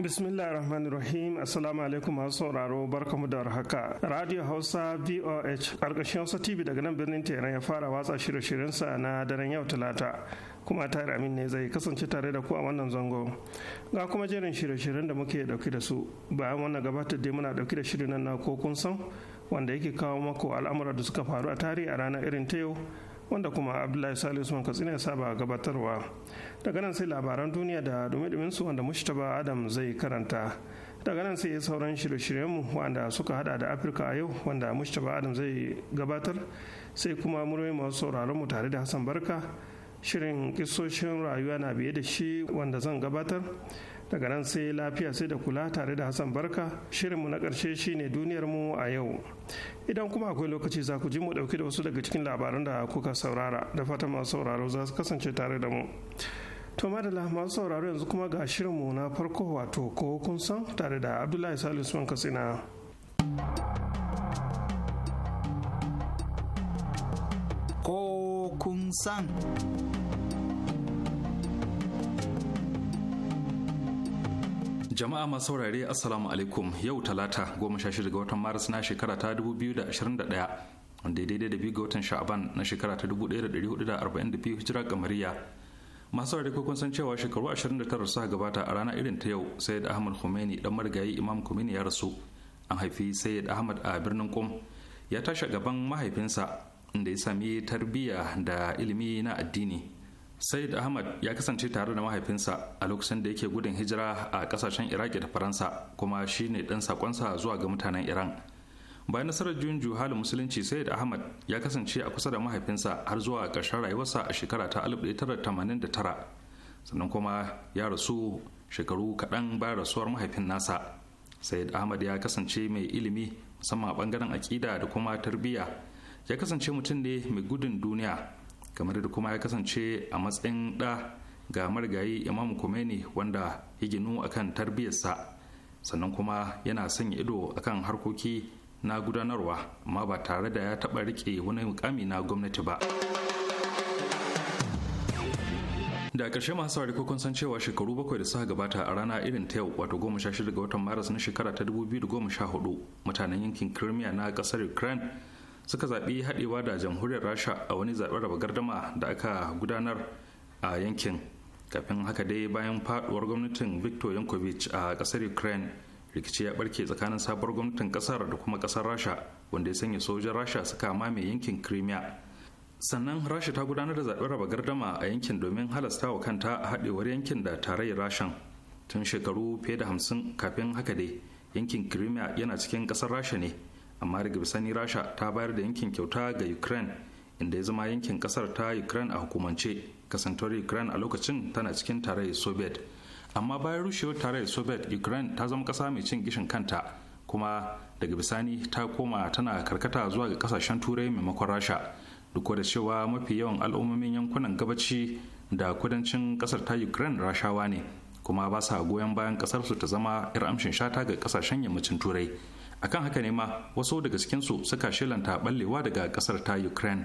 Bismillah rahman rahim Assalamu alaikum masu sauraro barkamu da haka. Radio Hausa VOH ƙarƙashin Hausa TV daga nan birnin Tehran ya fara watsa shirye sa na daren yau Talata. Kuma tare amin ne zai kasance tare da ku a wannan zango. Ga kuma jerin shirye-shiryen da muke dauki da su. Bayan wannan gabatar dai muna dauki da shirin nan na ko kun san wanda yake kawo mako al'amura da suka faru a tarihi a ranar irin ta yau wanda kuma Abdullahi Salisu Usman Katsina ya saba gabatarwa. daga nan sai labaran duniya da dumi su wanda mushtaba adam zai karanta daga nan sai sauran shirye-shiryenmu wanda suka hada da afirka a yau wanda mushtaba adam zai gabatar sai kuma murmi masu sauraron mu tare da hassan barka shirin kisoshin rayuwa na biye da shi wanda zan gabatar daga nan sai lafiya sai da kula tare da hassan barka shirinmu na ƙarshe shine duniyarmu a yau idan kuma akwai lokaci za ku ji mu ɗauki da wasu daga cikin labaran da kuka saurara da fatan masu sauraro za su kasance tare da mu To madalla masu sauraro yanzu kuma ga shirinmu na farko wato ko kun san tare da Abdullahi Salisu Usman Katsina. Ko kun san. Jama'a masu saurare Assalamu alaikum yau talata goma sha shida ga watan Maris na shekara ta 2021 wanda daidai da biyu ga watan Sha'aban na shekara ta 1442 Hijira Kamariya. masu saurari kun san cewa shekaru 29 suka gabata a rana irin ta yau sayyid ahmad khomeini dan marigayi imam khomeini ya rasu an haifi sayyid ahmad a birnin kum ya tashi gaban mahaifinsa inda ya sami tarbiyya da ilimi na addini sayyid ahmad ya kasance tare da mahaifinsa a lokacin da yake gudun hijira a kasashen iraki da faransa kuma shine dan sakonsa zuwa ga mutanen iran bayan nasarar juyin juhalin musulunci sayyid ahmad ya kasance a kusa da mahaifinsa har zuwa ƙarshen rayuwarsa a shekara ta 1989 sannan kuma ya rasu shekaru kaɗan bayan rasuwar mahaifin nasa sayyid ahmad ya kasance mai ilimi musamman a ɓangaren aƙida da kuma tarbiyya ya kasance mutum ne mai gudun duniya kamar da kuma ya kasance a matsayin ɗa ga marigayi imam kumeni wanda ya ginu akan tarbiyyarsa sannan kuma yana sanya ido akan harkoki na gudanarwa amma ba tare da ya taɓa rike wani mukami na gwamnati ba da ƙarshe masu sauri ko kun san cewa shekaru bakwai da suka gabata a rana irin ta yau wato goma sha shida ga watan maris na shekara ta dubu biyu da goma sha hudu mutanen yankin crimea na ƙasar ukraine suka zaɓi haɗewa da jamhuriyar rasha a wani zaɓen raba gardama da aka gudanar a yankin kafin haka dai bayan faɗuwar gwamnatin victor yankovic a ƙasar ukraine rikici ya barke tsakanin sabuwar gwamnatin kasar da kuma kasar rasha wanda ya sanya sojan rasha suka mamaye yankin crimea sannan rasha ta gudanar da zaɓen raba gardama a yankin domin halasta wa kanta a haɗewar yankin da tarayyar rashan tun shekaru fiye da hamsin kafin haka dai yankin crimea yana cikin kasar rasha ne amma daga sani rasha ta bayar da yankin kyauta ga ukraine inda ya zama yankin ƙasar ta ukraine a hukumance kasantar ukraine a lokacin tana cikin tarayyar soviet amma bayan rushewar tarayyar soviet ukraine ta zama kasa mai cin gishin kanta kuma daga bisani ta koma tana karkata zuwa ga kasashen turai maimakon rasha duk da cewa mafi yawan al'ummomin yankunan gabaci da kudancin kasar ta ukraine rashawa ne kuma ba sa goyon bayan kasar su ta zama yar amshin shata ga kasashen yammacin turai akan haka ne ma wasu daga cikinsu suka shilanta ballewa daga kasar ta ukraine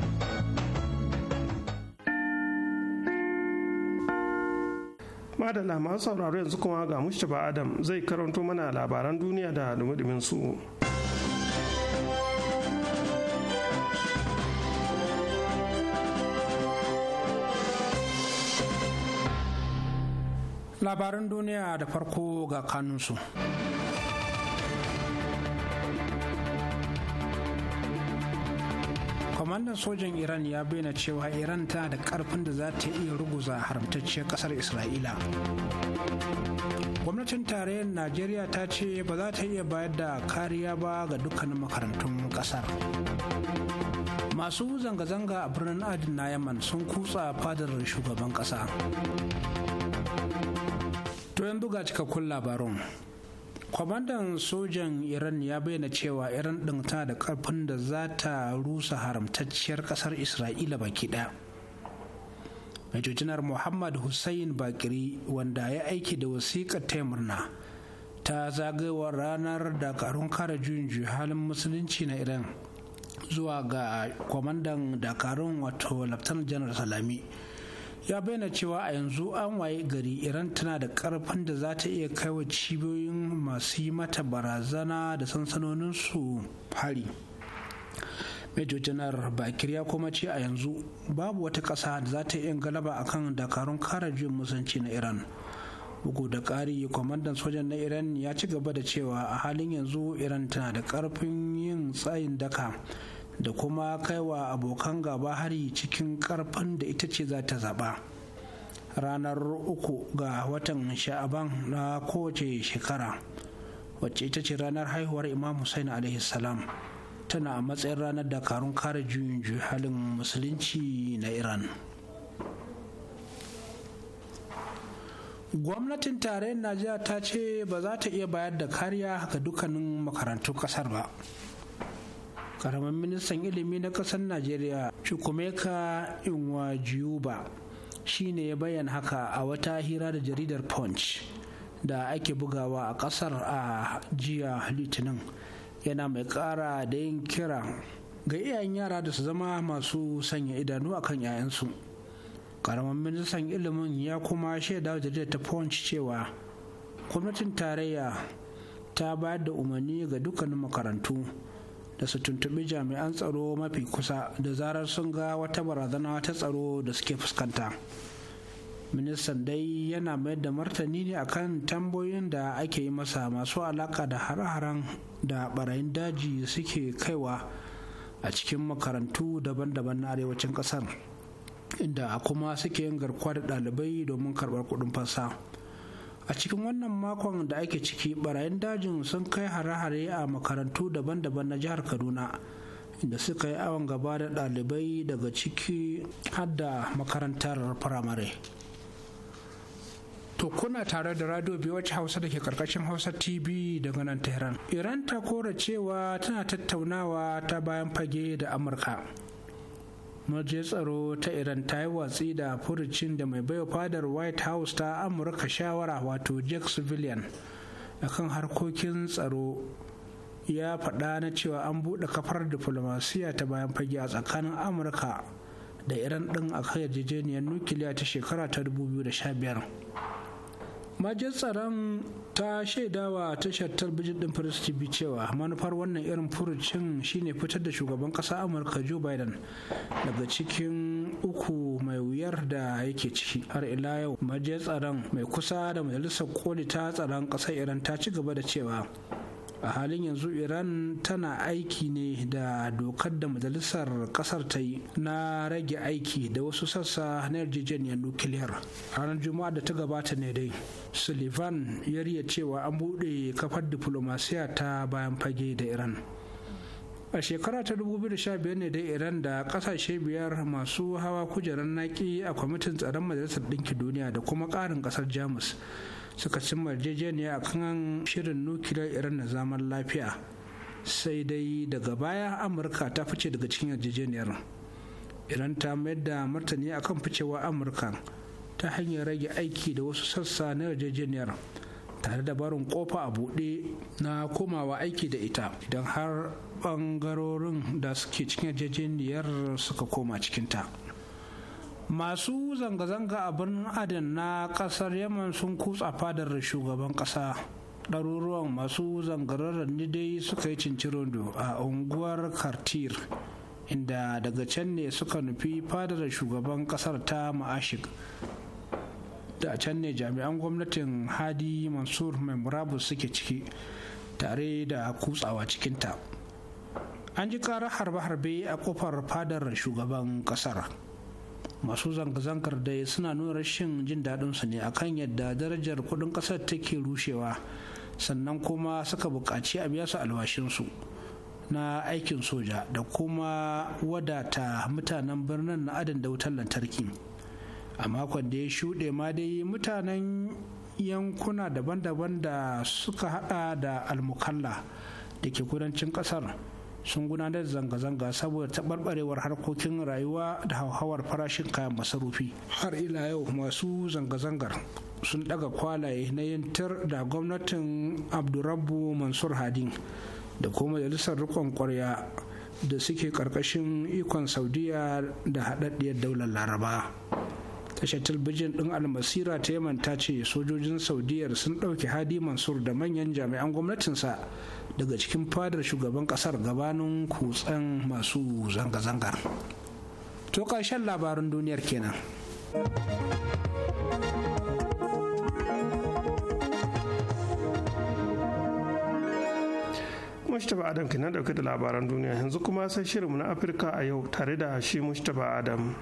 da masu sauraro yanzu kuma ga mustapha adam zai karanto mana labaran duniya da dumi su labaran duniya da farko ga kanunsu. kwamandan sojan iran ya bayyana cewa iran ta da karfin da za ta iya ruguza haramtacciyar kasar isra'ila gwamnatin tarayyar najeriya ta ce ba za ta iya bayar da kariya ba ga dukkanin makarantun kasar masu zanga-zanga a birnin adin na yaman sun kutsa fadar shugaban kasa to yanzu ga cikakkun labarun kwamandan sojan iran ya bayyana cewa iran ɗin ta da ƙarfin da za ta rusa haramtacciyar ƙasar isra'ila baki ɗaya majojinar muhammad hussein bakiri wanda ya aiki da wasiƙar taimurna ta zagayowar ranar dakarun kare juyin halin musulunci na iran zuwa ga kwamandan dakarun wato laftanar janar salami ya bayyana cewa a yanzu an waye gari iran tana da karfin da za ta iya kaiwa cibiyoyin masu yi mata barazana da sansanoninsu hari major janar bakir ya kuma ce a yanzu babu wata ƙasa da za ta iya galaba a kan dakarun kare juyin musanci na iran bugu da ƙari kwamandan sojan na iran ya ci gaba da cewa a halin yanzu iran tana da ƙarfin yin tsayin daka da kuma kaiwa abokan gaba hari cikin karfin da ita ce za ta zaɓa ranar uku ga watan sha'aban na kowace shekara wacce ita ce ranar haihuwar imam hussein alaihi salam tana a matsayin ranar dakarun kare juyin halin musulunci na iran gwamnatin tarayyar najeriya ta ce ba za ta iya bayar da kariya ga dukkanin makarantun kasar ba karamin ministan ilimi na kasar najeriya chukwumeka inwajiuba shi ne ya bayyana haka a wata hira da jaridar punch da ake bugawa a ƙasar a jiya litinin yana mai ƙara da yin kira ga iyayen yara da su zama masu sanya idanu akan 'ya'yansu karamin ministan ilimin ya kuma shaida jaridar ta punch cewa gwamnatin tarayya ta bayar da umarni ga dukkanin makarantu da su tuntubi jami'an tsaro mafi kusa da zarar sun ga wata barazana ta tsaro da suke fuskanta ministan dai yana mayar da martani ne akan tambayoyin da ake yi masa masu alaka da har-haren da barayin daji suke kaiwa a cikin makarantu daban-daban na arewacin kasar inda kuma suke yin garkuwa da ɗalibai domin karɓar kuɗin fasa. a cikin wannan makon da ake ciki barayin dajin sun kai hare-hare a makarantu daban-daban na jihar kaduna da suka yi awon gaba da ɗalibai daga ciki hadda makarantar firamare to kuna tare da radio wacce hausa da ke karkashin hausa tv daga nan tehran iran ta kora cewa tana tattaunawa ta bayan fage da amurka majiyar tsaro ta iran ta yi watsi da furucin da mai baiwa fadar white house ta amurka shawara wato jack civilian akan harkokin tsaro ya faɗa na cewa an buɗe kafar diplomasiya ta bayan fage a tsakanin amurka da iran ɗin a kan yarjejeniyar nukiliya ta shekara ta 2015 majiyar tsaron ta shaidawa tashar talbijin din press tv cewa manufar wannan irin furucin shine fitar da shugaban kasa amurka joe biden daga cikin uku mai wuyar da yake ciki har ila yau majiyar tsaron mai kusa da majalisar koli ta tsaron ƙasar iran ta ci gaba da cewa a halin yanzu iran tana aiki ne da dokar da majalisar kasar ta yi na rage aiki da wasu sassa na yarjejeniyar nukiliyar ranar juma'a da ta gabata ne dai sullivan ya riya cewa an buɗe kafar diflomasiya ta bayan fage da iran a shekara ta 2015 ne dai iran da kasashe biyar masu hawa kujerar naki a kwamitin tsaron majalisar ɗinki duniya da kuma ƙarin ƙasar jamus suka cimma yarjejeniya a kan shirin nukiliyar iran na zaman lafiya sai dai daga baya amurka ta fice daga cikin yarjejeniyar iran ta mayar da martani akan ficewa amurka ta hanyar rage aiki da wasu sassa na yarjejeniyar tare da barin kofa a buɗe na komawa aiki da ita idan har ɓangarorin da suke cikin yarjejeniyar suka koma cikinta. ta masu zanga-zanga a birnin adan na kasar yaman sun kutsa fadar shugaban kasa ɗaruruwan masu zangararren ni dai suka yi cincirondo a unguwar kartir inda daga can ne suka nufi fadar shugaban kasar ta ma'ashik da can ne jami'an gwamnatin hadi mansur mai murabus suke ciki tare da kutsawa cikinta an ji ƙara harbe-harbe a kofar fadar shugaban kasar masu zanga-zangar dai suna nuna rashin jin daɗinsu ne akan yadda darajar kuɗin ƙasar take rushewa sannan kuma suka buƙaci a biya su alwashinsu na aikin soja da kuma wadata mutanen birnin na adin da wutar lantarki a makon da ya shuɗe ma dai mutanen yankuna daban-daban da suka haɗa da almukalla da ke kudancin ƙasar sun gudanar da zanga-zanga saboda taɓarɓarewar harkokin rayuwa da hauhawar farashin kayan masarufi har ila yau masu zanga-zangar sun ɗaga kwalaye na yantar da gwamnatin abdurabbu mansur hadin da kuma majalisar rikon kwarya da suke ƙarƙashin ikon saudiya da haɗaɗɗiyar daular laraba tashar talbijin ɗin almasira ta yaman ta ce sojojin saudiyar sun ɗauki hadi mansur da manyan jami'an gwamnatinsa daga cikin fadar shugaban kasar gabanin kutsen masu zanga-zangar to ƙarshen labarin duniyar kenan Mustapha Adam ke dauke da labaran duniya yanzu kuma sai shirinmu na Afirka a yau tare da shi Mustapha Adam.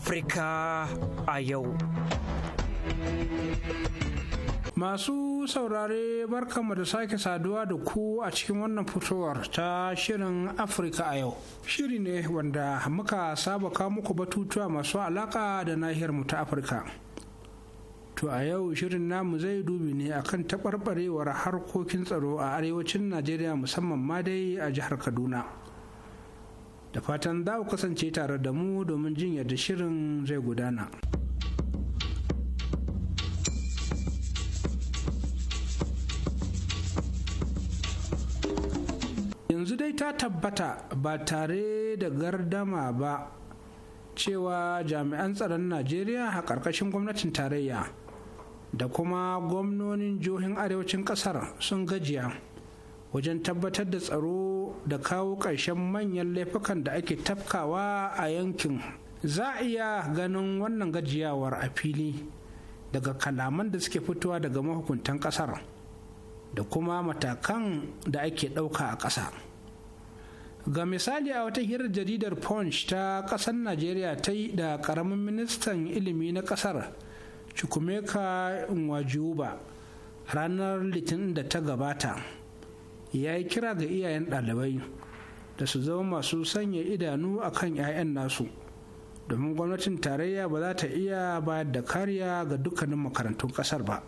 Afirka a yau. Masu saurare barkanmu da sake saduwa da ku a cikin wannan fitowar ta shirin Afirka a yau. Shiri ne wanda muka saba muku batutuwa masu alaka da nahiyar mu ta Afirka. To a yau shirin namu zai dubi ne akan taɓarɓarewar harkokin tsaro a arewacin Najeriya musamman ma dai a jihar Kaduna. da fatan za ku kasance tare da mu domin jin yadda shirin zai gudana. yanzu dai ta tabbata ba tare da gardama ba cewa jami'an tsaron najeriya a ƙarƙashin gwamnatin tarayya da kuma gwamnonin jihohin arewacin ƙasar sun gajiya wajen tabbatar da tsaro da kawo ƙarshen manyan laifukan da ake tafkawa a yankin za a iya ganin wannan gajiyawar a fili daga kalaman da suke fitowa daga mahukuntan ƙasar da kuma matakan da ake ɗauka a ƙasa ga misali a wata hirar jaridar punch ta ƙasar najeriya ta yi da ƙaramin ministan ilimi na ƙasar chukwumeka nwajuba ranar litinin da ta gabata ya yi kira ga iyayen ɗalibai da su zama masu sanya idanu a kan 'ya'yan nasu domin gwamnatin tarayya ba za ta iya bayar da kariya ga dukkanin makarantun ƙasar ba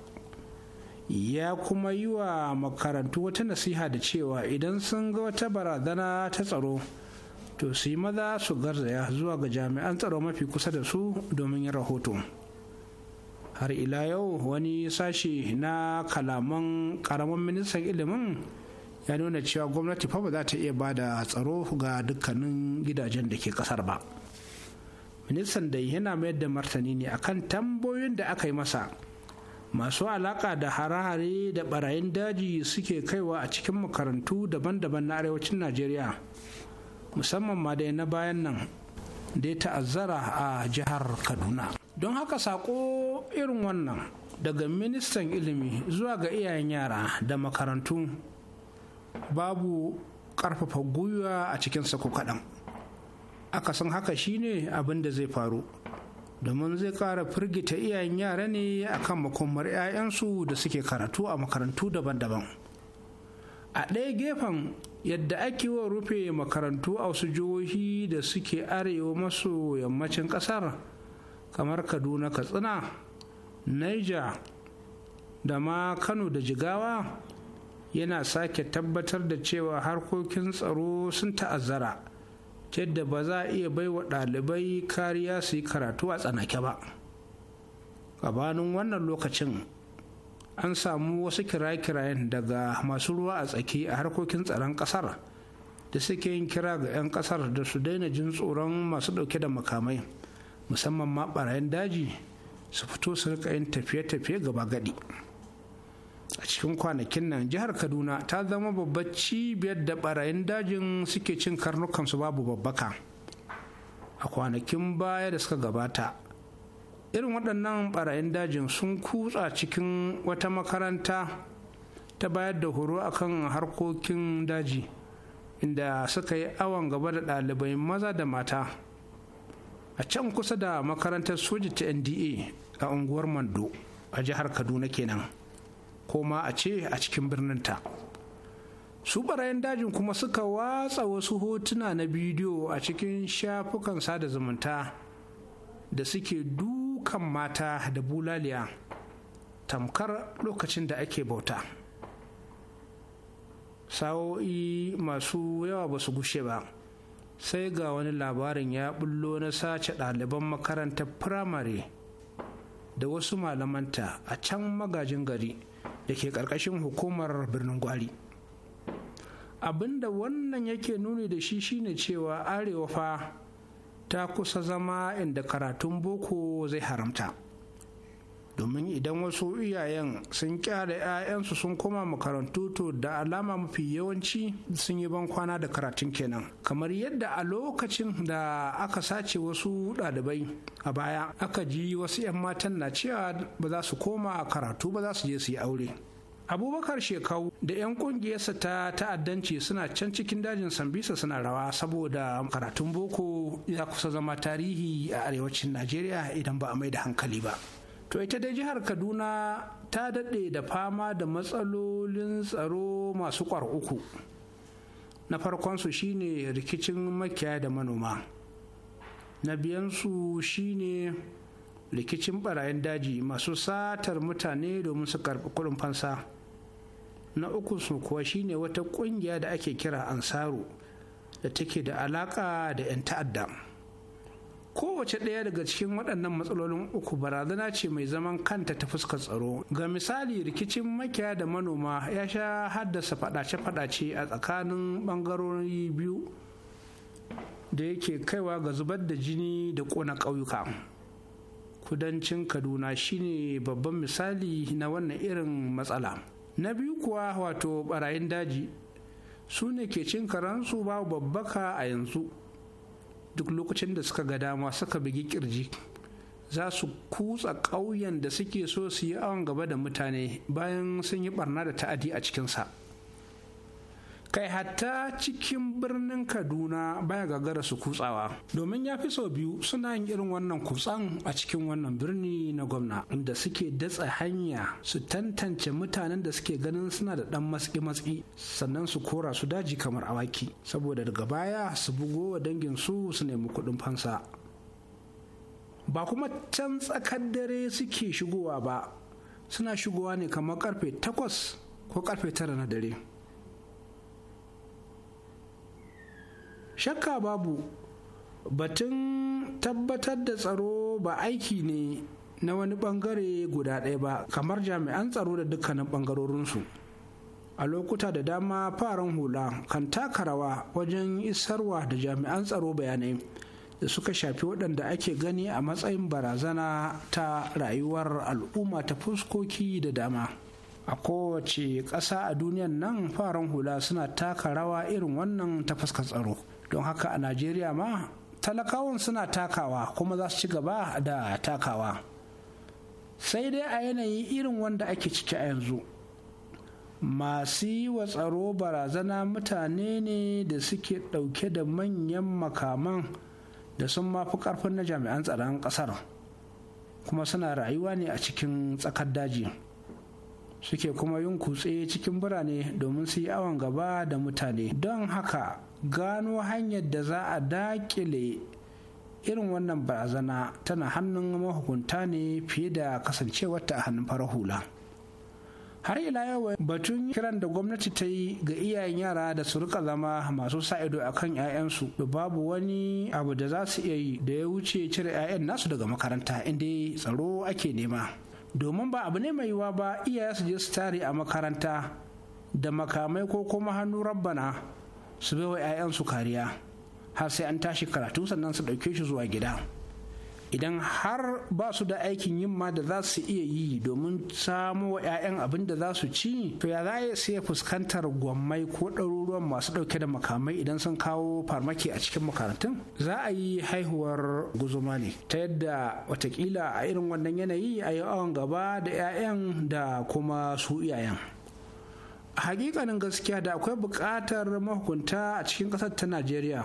ya kuma yi wa makarantu wata nasiha da cewa idan sun ga wata barazana ta tsaro to su yi maza su garzaya zuwa ga jami'an tsaro mafi kusa da su domin yin rahoto har ila yau wani sashi na kalaman karamin ministan ilimin ya nuna cewa gwamnati fa ba za ta iya ba da tsaro ga dukkanin gidajen da ke kasar ba ministan da yana mayar da martani ne akan tambayoyin da aka yi masa masu alaka da hare da barayin daji suke kaiwa a cikin makarantu daban-daban na arewacin najeriya musamman ma dai na bayan nan da ya ta'azzara a jihar kaduna don haka sako irin wannan daga ministan ilimi zuwa ga iyayen yara da makarantu babu ƙarfafa gwiwa a cikinsa ko kaɗan aka san haka shine abin da zai faru domin zai ƙara firgita iyayen yara ne akan makomar 'ya'yansu da suke karatu a makarantu daban-daban a ɗaya gefen yadda ake wa rufe makarantu a wasu jihohi da suke arewa maso yammacin ƙasar kamar kaduna katsina niger da ma kano da jigawa yana sake tabbatar da cewa harkokin tsaro sun ta'azzara yadda ba za a iya baiwa ɗalibai kariya su yi karatu a tsanake ba gabanin wannan lokacin an samu wasu kiraye-kirayen daga masu ruwa a tsaki a harkokin tsaron ƙasar da suke yin kira ga 'yan ƙasar da su daina jin tsoron masu ɗauke da makamai musamman ma ɓarayin daji su fito su rika yin tafiye-tafiye gaba gadi. a cikin kwanakin nan jihar kaduna ta zama babbar cibiyar da barayin dajin suke cin karnukan su babu babbaka a kwanakin baya da suka gabata irin waɗannan barayin dajin sun kutsa cikin wata makaranta ta bayar da horo akan harkokin daji inda suka yi awon gaba da ɗalibai maza da mata a can kusa da makarantar soja ta nda a unguwar mando a jihar kaduna kenan. ko ma a ce a cikin birninta su barayin dajin kuma suka watsa wasu hotuna na bidiyo a cikin shafukan sada zumunta da suke dukan mata da bulaliya tamkar lokacin da ake bauta sa'o'i masu yawa ba su gushe ba sai ga wani labarin ya bullo na sace ɗaliban makarantar firamare da wasu malamanta a can magajin gari da ke ƙarƙashin hukumar birnin gwari abinda wannan yake nuni da shi shine cewa arewa fa ta kusa zama inda karatun boko zai haramta domin idan wasu iyayen sun kyara 'ya'yansu sun koma makarantu to da alama mafi yawanci sun yi ban kwana da karatun kenan kamar yadda a lokacin da aka sace wasu ɗalibai a baya aka ji wasu 'yan matan na cewa ba za su koma karatu ba za su je su yi aure abubakar shekau da 'yan kungiyarsa ta ta'addanci suna can cikin dajin sambisa suna rawa saboda karatun boko ya kusa zama tarihi a arewacin najeriya idan ba a mai da hankali ba To ita dai jihar Kaduna ta daɗe da fama da matsalolin tsaro masu kwar uku. Na farkonsu shine rikicin makiyaya da manoma. Na biyansu shine rikicin barayin daji masu satar mutane domin su karɓi kuɗin fansa. Na uku su kuwa shine wata ƙungiya da ake kira Ansaru da take da alaƙa da 'yan ta'adda. kowace ɗaya daga cikin waɗannan matsalolin uku barazana ce mai zaman kanta ta fuskar tsaro ga misali rikicin makiya da manoma ya sha haddasa faɗace-faɗace a tsakanin ɓangarori biyu da yake kaiwa ga zubar da jini da ƙona ƙauyuka kudancin kaduna shine babban misali na wannan irin matsala na biyu kuwa wato barayin daji su ne ke cin karansu babu babbaka a yanzu duk lokacin da suka ga dama suka bugi kirji za su kutsa ƙauyen da suke so su yi awon gaba da mutane bayan sun yi barna da ta'adi a cikinsa kai hatta cikin birnin kaduna baya gagara su kutsawa domin ya fi sau biyu suna yin irin wannan kutsan a cikin wannan birni na gwamna inda suke datsa hanya su tantance mutanen da suke ganin suna da dan matsi-matsi sannan su kora su daji kamar awaki saboda daga baya su bugo wa dangin su su nemi kuɗin fansa ba kuma can tsakar dare suke shigowa ba suna shigowa ne kamar karfe takwas ko karfe tara na dare shakka babu batun tabbatar da tsaro ba aiki ne na wani bangare guda ɗaya ba kamar jami'an tsaro da dukkanin bangarorinsu a lokuta da dama faran hula kan taka rawa wajen isarwa da jami'an tsaro bayanai da suka shafi waɗanda ake gani a matsayin barazana ta rayuwar al'umma ta fuskoki da dama a kowace ƙasa a duniyan nan faran hula suna taka rawa irin wannan ta fuskar tsaro don haka a najeriya ma talakawan suna takawa kuma za su ci gaba da takawa sai dai a yanayi irin wanda ake ciki a yanzu masu yi wa tsaro barazana mutane ne da suke ɗauke da manyan makaman da sun mafi ƙarfin na jami'an tsaron ƙasar kuma suna rayuwa ne a cikin tsakar daji suke kuma yin kutse cikin birane domin su yi awon gaba da mutane don haka gano hanyar da za a dakile irin wannan barazana tana hannun mahukunta ne fiye da kasancewarta a hannun farar hula har ila yau batun kiran da gwamnati ta yi ga iyayen yara da su rika zama masu sa ido a kan 'ya'yansu da babu wani abu da za su iya yi da ya wuce cire 'ya'yan nasu daga makaranta inda tsaro ake nema domin ba abu ne mai yiwa ba iyaye su je su tare a makaranta da makamai ko kuma hannu rabbana su wa bai 'ya'yan su kariya har sai an tashi karatu sannan su ɗauke shi zuwa gida idan har ba su da aikin yin ma da za su iya yi domin samo wa 'ya'yan abin da za su ci to ya za su iya fuskantar gwammai ko ɗaruruwan masu ɗauke da makamai idan sun kawo farmaki a cikin makarantun za a yi haihuwar guzuma ne ta yadda watakila a irin wannan yanayi a yi awon gaba da 'ya'yan da kuma su iyayen hakikanin gaskiya da akwai buƙatar mahukunta a cikin ƙasar ta najeriya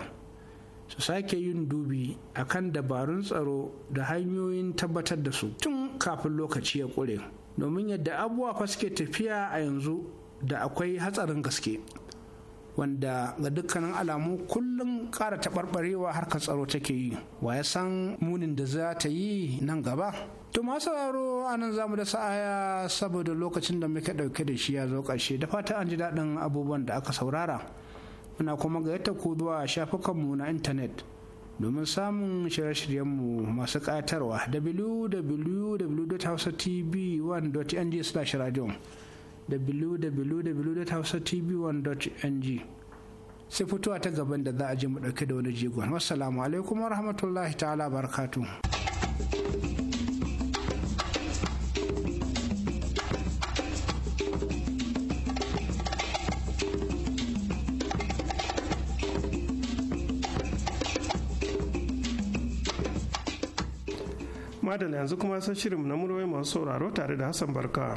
su sake yin dubi akan dabarun tsaro da hanyoyin tabbatar da su tun kafin lokaci ya ƙure domin yadda abubuwa fa suke tafiya a yanzu da akwai hatsarin gaske wanda ga dukkanin alamu kullum kara taɓarɓarewa harkar tsaro take yi wa ya san munin da za ta yi nan gaba to masu sauraro a nan zamu da sa'aya saboda lokacin da muke ɗauke da shi ya zo ƙarshe da fata an ji daɗin abubuwan da aka saurara muna kuma ga yadda ku zuwa shafukanmu na intanet domin samun shirye-shiryenmu masu ƙayatarwa www.hausatv1.ng/radio www.hausatv1.ng sai fitowa ta gaban da za a je mu ɗauke da wani jigon wassalamu alaikum wa rahmatullahi ta'ala barakatu madalla yanzu kuma san shirin na murwai masu sauraro tare da hassan barka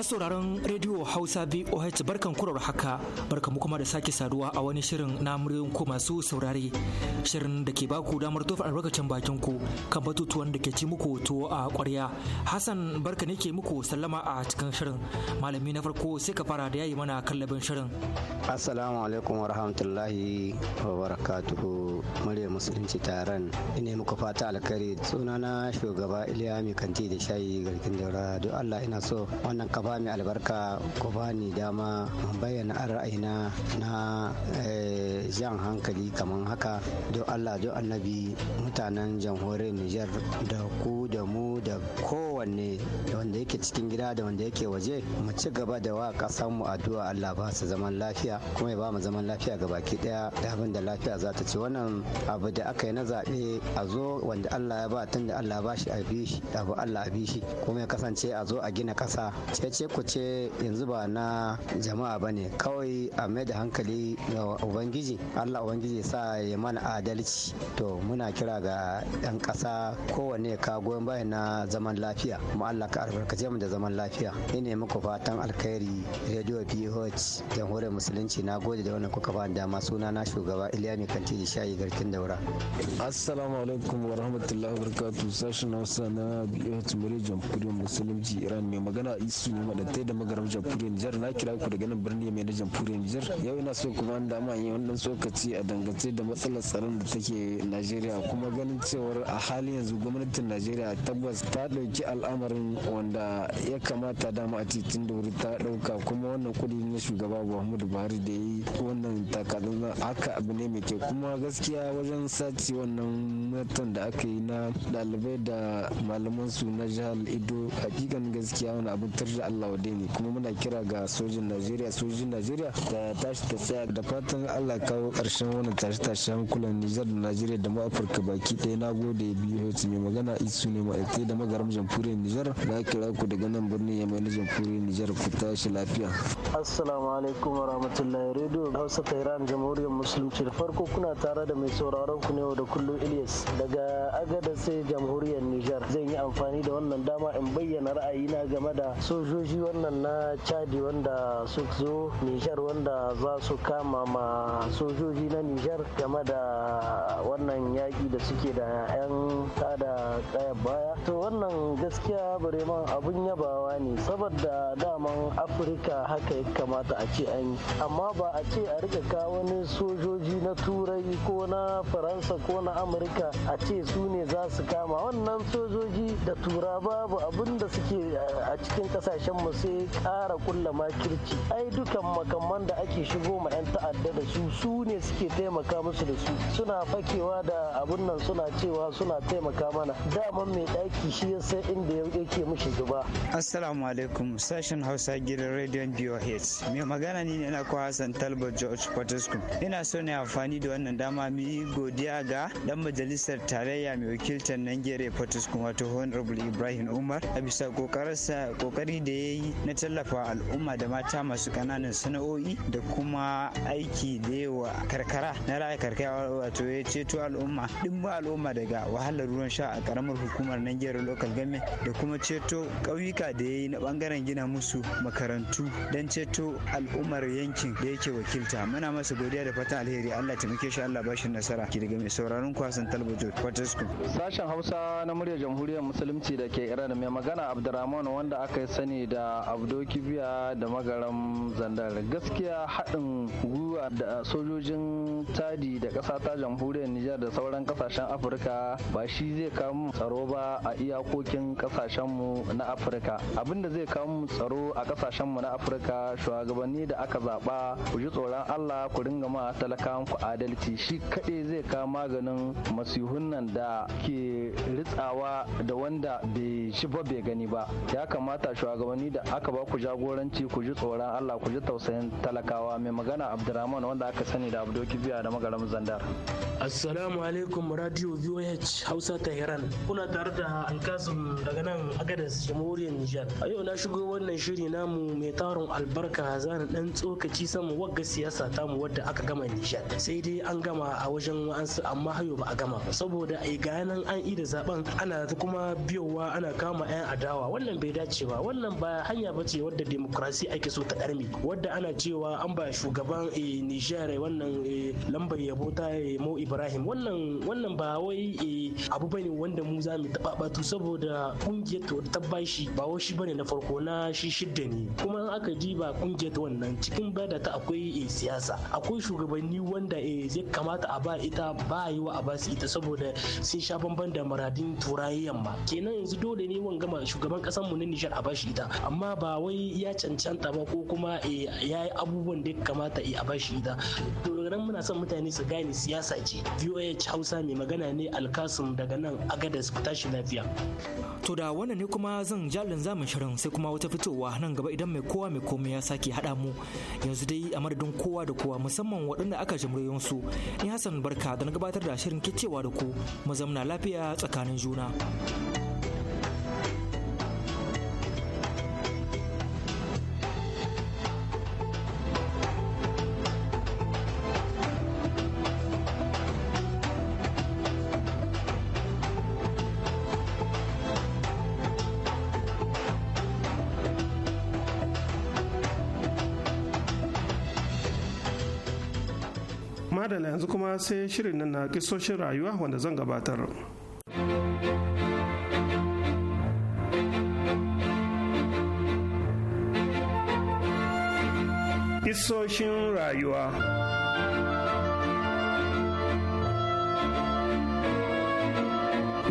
Masu sauraron Radio Hausa VOH barkan kurar haka barka kuma da sake saduwa a wani shirin na muryoyin ku masu saurare shirin da ke baku damar tofa albarkacin bakin ku kan batutuwan da ke ci muku tuwo a kwarya Hassan barka ne ke muku sallama a cikin shirin malami na farko sai ka fara da yayi mana kallabin shirin. Assalamu alaikum wa rahmatullahi wa barakatuhu murya musulunci taron ina muku fata alkhairi sunana shugaba Iliya Mai Kanti da Shayi garkin daura duk Allah ina so wannan kafa ba mai albarka ku ni dama bayyana an ra'ayina na eh, jan hankali kamar haka don allah don annabi mutanen jamhuriyar nijar da ku da mu da kowanne da wanda yake cikin gida da wanda yake waje mu ci gaba da wa kasan mu addu'a allah ba su zaman lafiya kuma ya ba mu zaman lafiya ga baki daya da abin da lafiya za ta ci wannan abu da aka yi na zaɓe a zo wanda allah ya ba tun da allah ba shi a bi shi abu allah a bi shi kuma ya kasance a zo a gina ƙasa ce kwace-kwace yanzu ba na jama'a ba ne kawai a mai da hankali ga ubangiji allah ubangiji ya sa ya mana adalci to muna kira ga 'yan ƙasa kowane ka goyon bayan na zaman lafiya mu allah ka albarkace mu da zaman lafiya ni ne muku fatan alkhairi radio bh jamhuriyar musulunci na gode da wannan kuka ba dama suna na shugaba iliya mai kanti da shayi garkin daura assalamu alaikum wa rahmatullahi wa barakatuh sashen hausa na bh muryar jamhuriyar musulunci iran mai magana isu madattai da magaram jamhuriyar Nijar na kira ku daga nan birni mai na jamhuriyar Nijar yau ina so ku bani dama a yi wannan tsokaci a dangance da matsalar tsaron da take Najeriya kuma ganin cewar a halin yanzu gwamnatin Najeriya tabbas ta ɗauki al'amarin wanda ya kamata dama a titin da wuri ta ɗauka kuma wannan kudi na shugaba Muhammadu Buhari da ya yi wannan takardun haka abu ne mai kyau kuma gaskiya wajen sace wannan matan da aka yi na ɗalibai da malaman su na jihar Ido hakikan gaskiya wani abin tarda Allah wadini kuma muna kira ga sojin Najeriya sojin Najeriya da tashi ta tsaya da fatan Allah kawo karshen wannan tashi tashen kulan Nijar da Najeriya da ma Afirka baki ɗaya na gode biyu mai magana isu ne ma'aikatai da magaram jamhuriyar Nijar na kira ku daga nan birnin Yamai na jamhuriyar Nijar ku tashi lafiya. Assalamu alaikum wa rahmatullahi rediyo Hausa ta Iran jamhuriyar Musulunci da farko kuna tare da mai sauraron ku ne da kullum Ilyas daga agada sai jamhuriyar Nijar zan yi amfani da wannan dama in bayyana ra'ayi na game da sojoji sojoji wannan na chadi wanda su zo nijar wanda za su kama ma sojoji na nijar game da wannan yaƙi da suke da 'yan tada kaya baya to wannan gaskiya bareman abun yabawa ne saboda daman afirka haka ya kamata a ce an yi amma ba a ce a rika kawo wani sojoji na turai ko na faransa ko na amurka a ce su ne za su kama wannan sojoji da tura babu abin da suke a cikin kasashen kasashen mu sai ƙara kulla makirci ai dukan makamman da ake shigo ma 'yan ta'adda da su su ne suke taimaka musu da su suna fakewa da abun nan suna cewa suna taimaka mana daman mai ɗaki shi ya san inda ya yake mishi gaba assalamu alaikum sashen hausa gidan rediyon BOH mai magana ni ne na kwa Hassan Talba George Fortescue ina so ne amfani da wannan dama mu yi godiya ga dan majalisar tarayya mai wakiltar Nigeria Fortescue wato Honorable Ibrahim Umar a bisa kokarinsa kokari da yi na tallafa al'umma da mata masu ƙananan sana'o'i da kuma aiki da yawa karkara na raya karkara wato ya ceto al'umma ba al'umma daga wahalar ruwan sha a karamar hukumar Nigeria local government da kuma ceto ƙauyuka da yayi na bangaren gina musu makarantu don ceto al'ummar yankin da yake wakilta muna masa godiya da fatan alheri Allah taimake shi Allah bashi nasara ki daga mai sauraron kwasan talbajo Fortescue sashen Hausa na muryar jamhuriyar musulunci da ke Iran mai magana Abdurrahman wanda aka sani da abdo kibiya da magaram zandar gaskiya haɗin gwiwa da sojojin tadi da ƙasa ta jamhuriyar nijar da sauran ƙasashen afirka ba shi zai kamu tsaro ba a iyakokin ƙasashenmu na afirka abinda zai kamu tsaro a ƙasashenmu na afirka shugabanni da aka zaɓa ku ji tsoron allah ku ringa ma talakawan ku adalci shi kaɗai zai kawo maganin masihun nan da ke ritsawa da wanda bai shi ba bai gani ba ya kamata shugabanni amfani da aka ba ku jagoranci ku ji tsoron Allah ku ji tausayin talakawa mai magana Abdurrahman wanda aka sani da Abdo Kibiya da magaram Zandar. Assalamu alaikum Radio VOH Hausa Tehran kuna tare da Alkasim daga nan Agadez Jamhuriyar Nijar. A yau na shigo wannan shiri namu mai tarun albarka zan dan tsokaci sama wagga siyasa tamu wadda aka gama Nijar. Sai dai an gama a wajen wa'ansu amma hayo ba a gama ba saboda ai nan an ida zaben ana kuma biyowa ana kama 'yan adawa wannan bai dace ba wannan ba hanya ba ce wadda demokrasi ake so ta karmi wadda ana cewa an ba shugaban eh, nijar wannan eh, lambar yabo ta eh, mo ibrahim wannan wannan ba wai abu ne wanda mu za mu taɓaɓatu saboda kungiyar ta bashi ba wai shi bane na farko na shi shidda ne kuma an aka ji ba kungiyar wannan cikin bada ta akwai siyasa akwai shugabanni wanda zai kamata a ba ita ba yi wa a ba su ita saboda sun sha bamban da maradin turayen yamma kenan yanzu dole ne wanga shugaban kasan mu na Nijar a shi ita amma ba wai ya cancanta ba ko kuma eh, ya yi abubuwan da ya kamata a bashi da to muna son mutane su gane siyasa ce voh hausa mai magana ne alkasun daga nan agadas ku tashi lafiya to da wannan ne kuma zan jalin zamun shirin sai kuma wata fitowa nan gaba idan mai kowa mai komai ya sake hada mu yanzu dai a madadin kowa da kowa musamman waɗanda aka jimriyon su ni hassan barka da na gabatar da shirin kicewa da ku mu zamna lafiya tsakanin juna. kuma sai shirin nan na kisoshin rayuwa wanda zan gabatar. Kisoshin rayuwa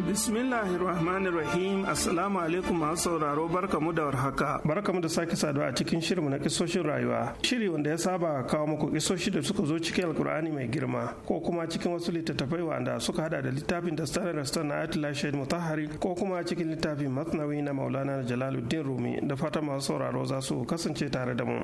Bismillahirrahmanirrahim Assalamu alaikum masu sauraro barkamu da warhaka barkamu da sake saduwa a cikin shirinmu na kisoshin rayuwa shiri wanda ya saba kawo muku kisoshi da suka zo cikin alkur'ani mai girma ko kuma cikin wasu littattafai wanda suka hada da littafin da stara da na Atila Shahid Mutahari ko kuma cikin littafin Matnawi na Maulana Jalaluddin Rumi da fata masu sauraro za su kasance tare da mu.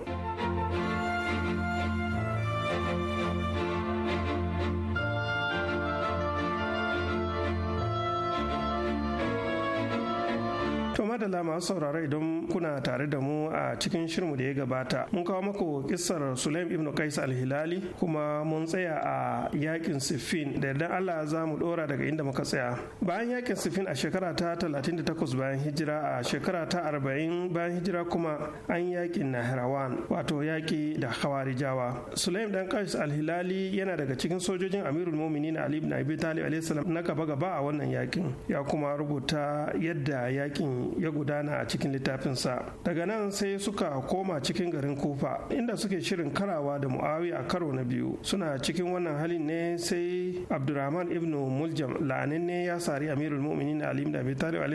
madala masu saurara idan kuna tare da mu a cikin shirmu da ya gabata mun kawo maku kissar sulaim ibn qais Alhilali? kuma mun tsaya a yakin siffin da yardan allah za mu dora daga inda muka tsaya bayan yakin siffin a shekara ta 38 bayan hijira a shekara ta 40 bayan hijira kuma an yakin nahrawan wato yaki da khawarijawa sulaim dan qais al-hilali yana daga cikin sojojin amirul mu'minin ali ibn abi talib alayhi salam na gaba gaba a wannan yakin ya kuma rubuta yadda yakin ya gudana a cikin littafinsa daga nan sai suka koma cikin garin kufa inda suke shirin karawa da mu'awi a karo na biyu suna cikin wannan halin ne sai abdurrahman ibn muljam ne ya sari amirul mu'minin ali ibn abi talib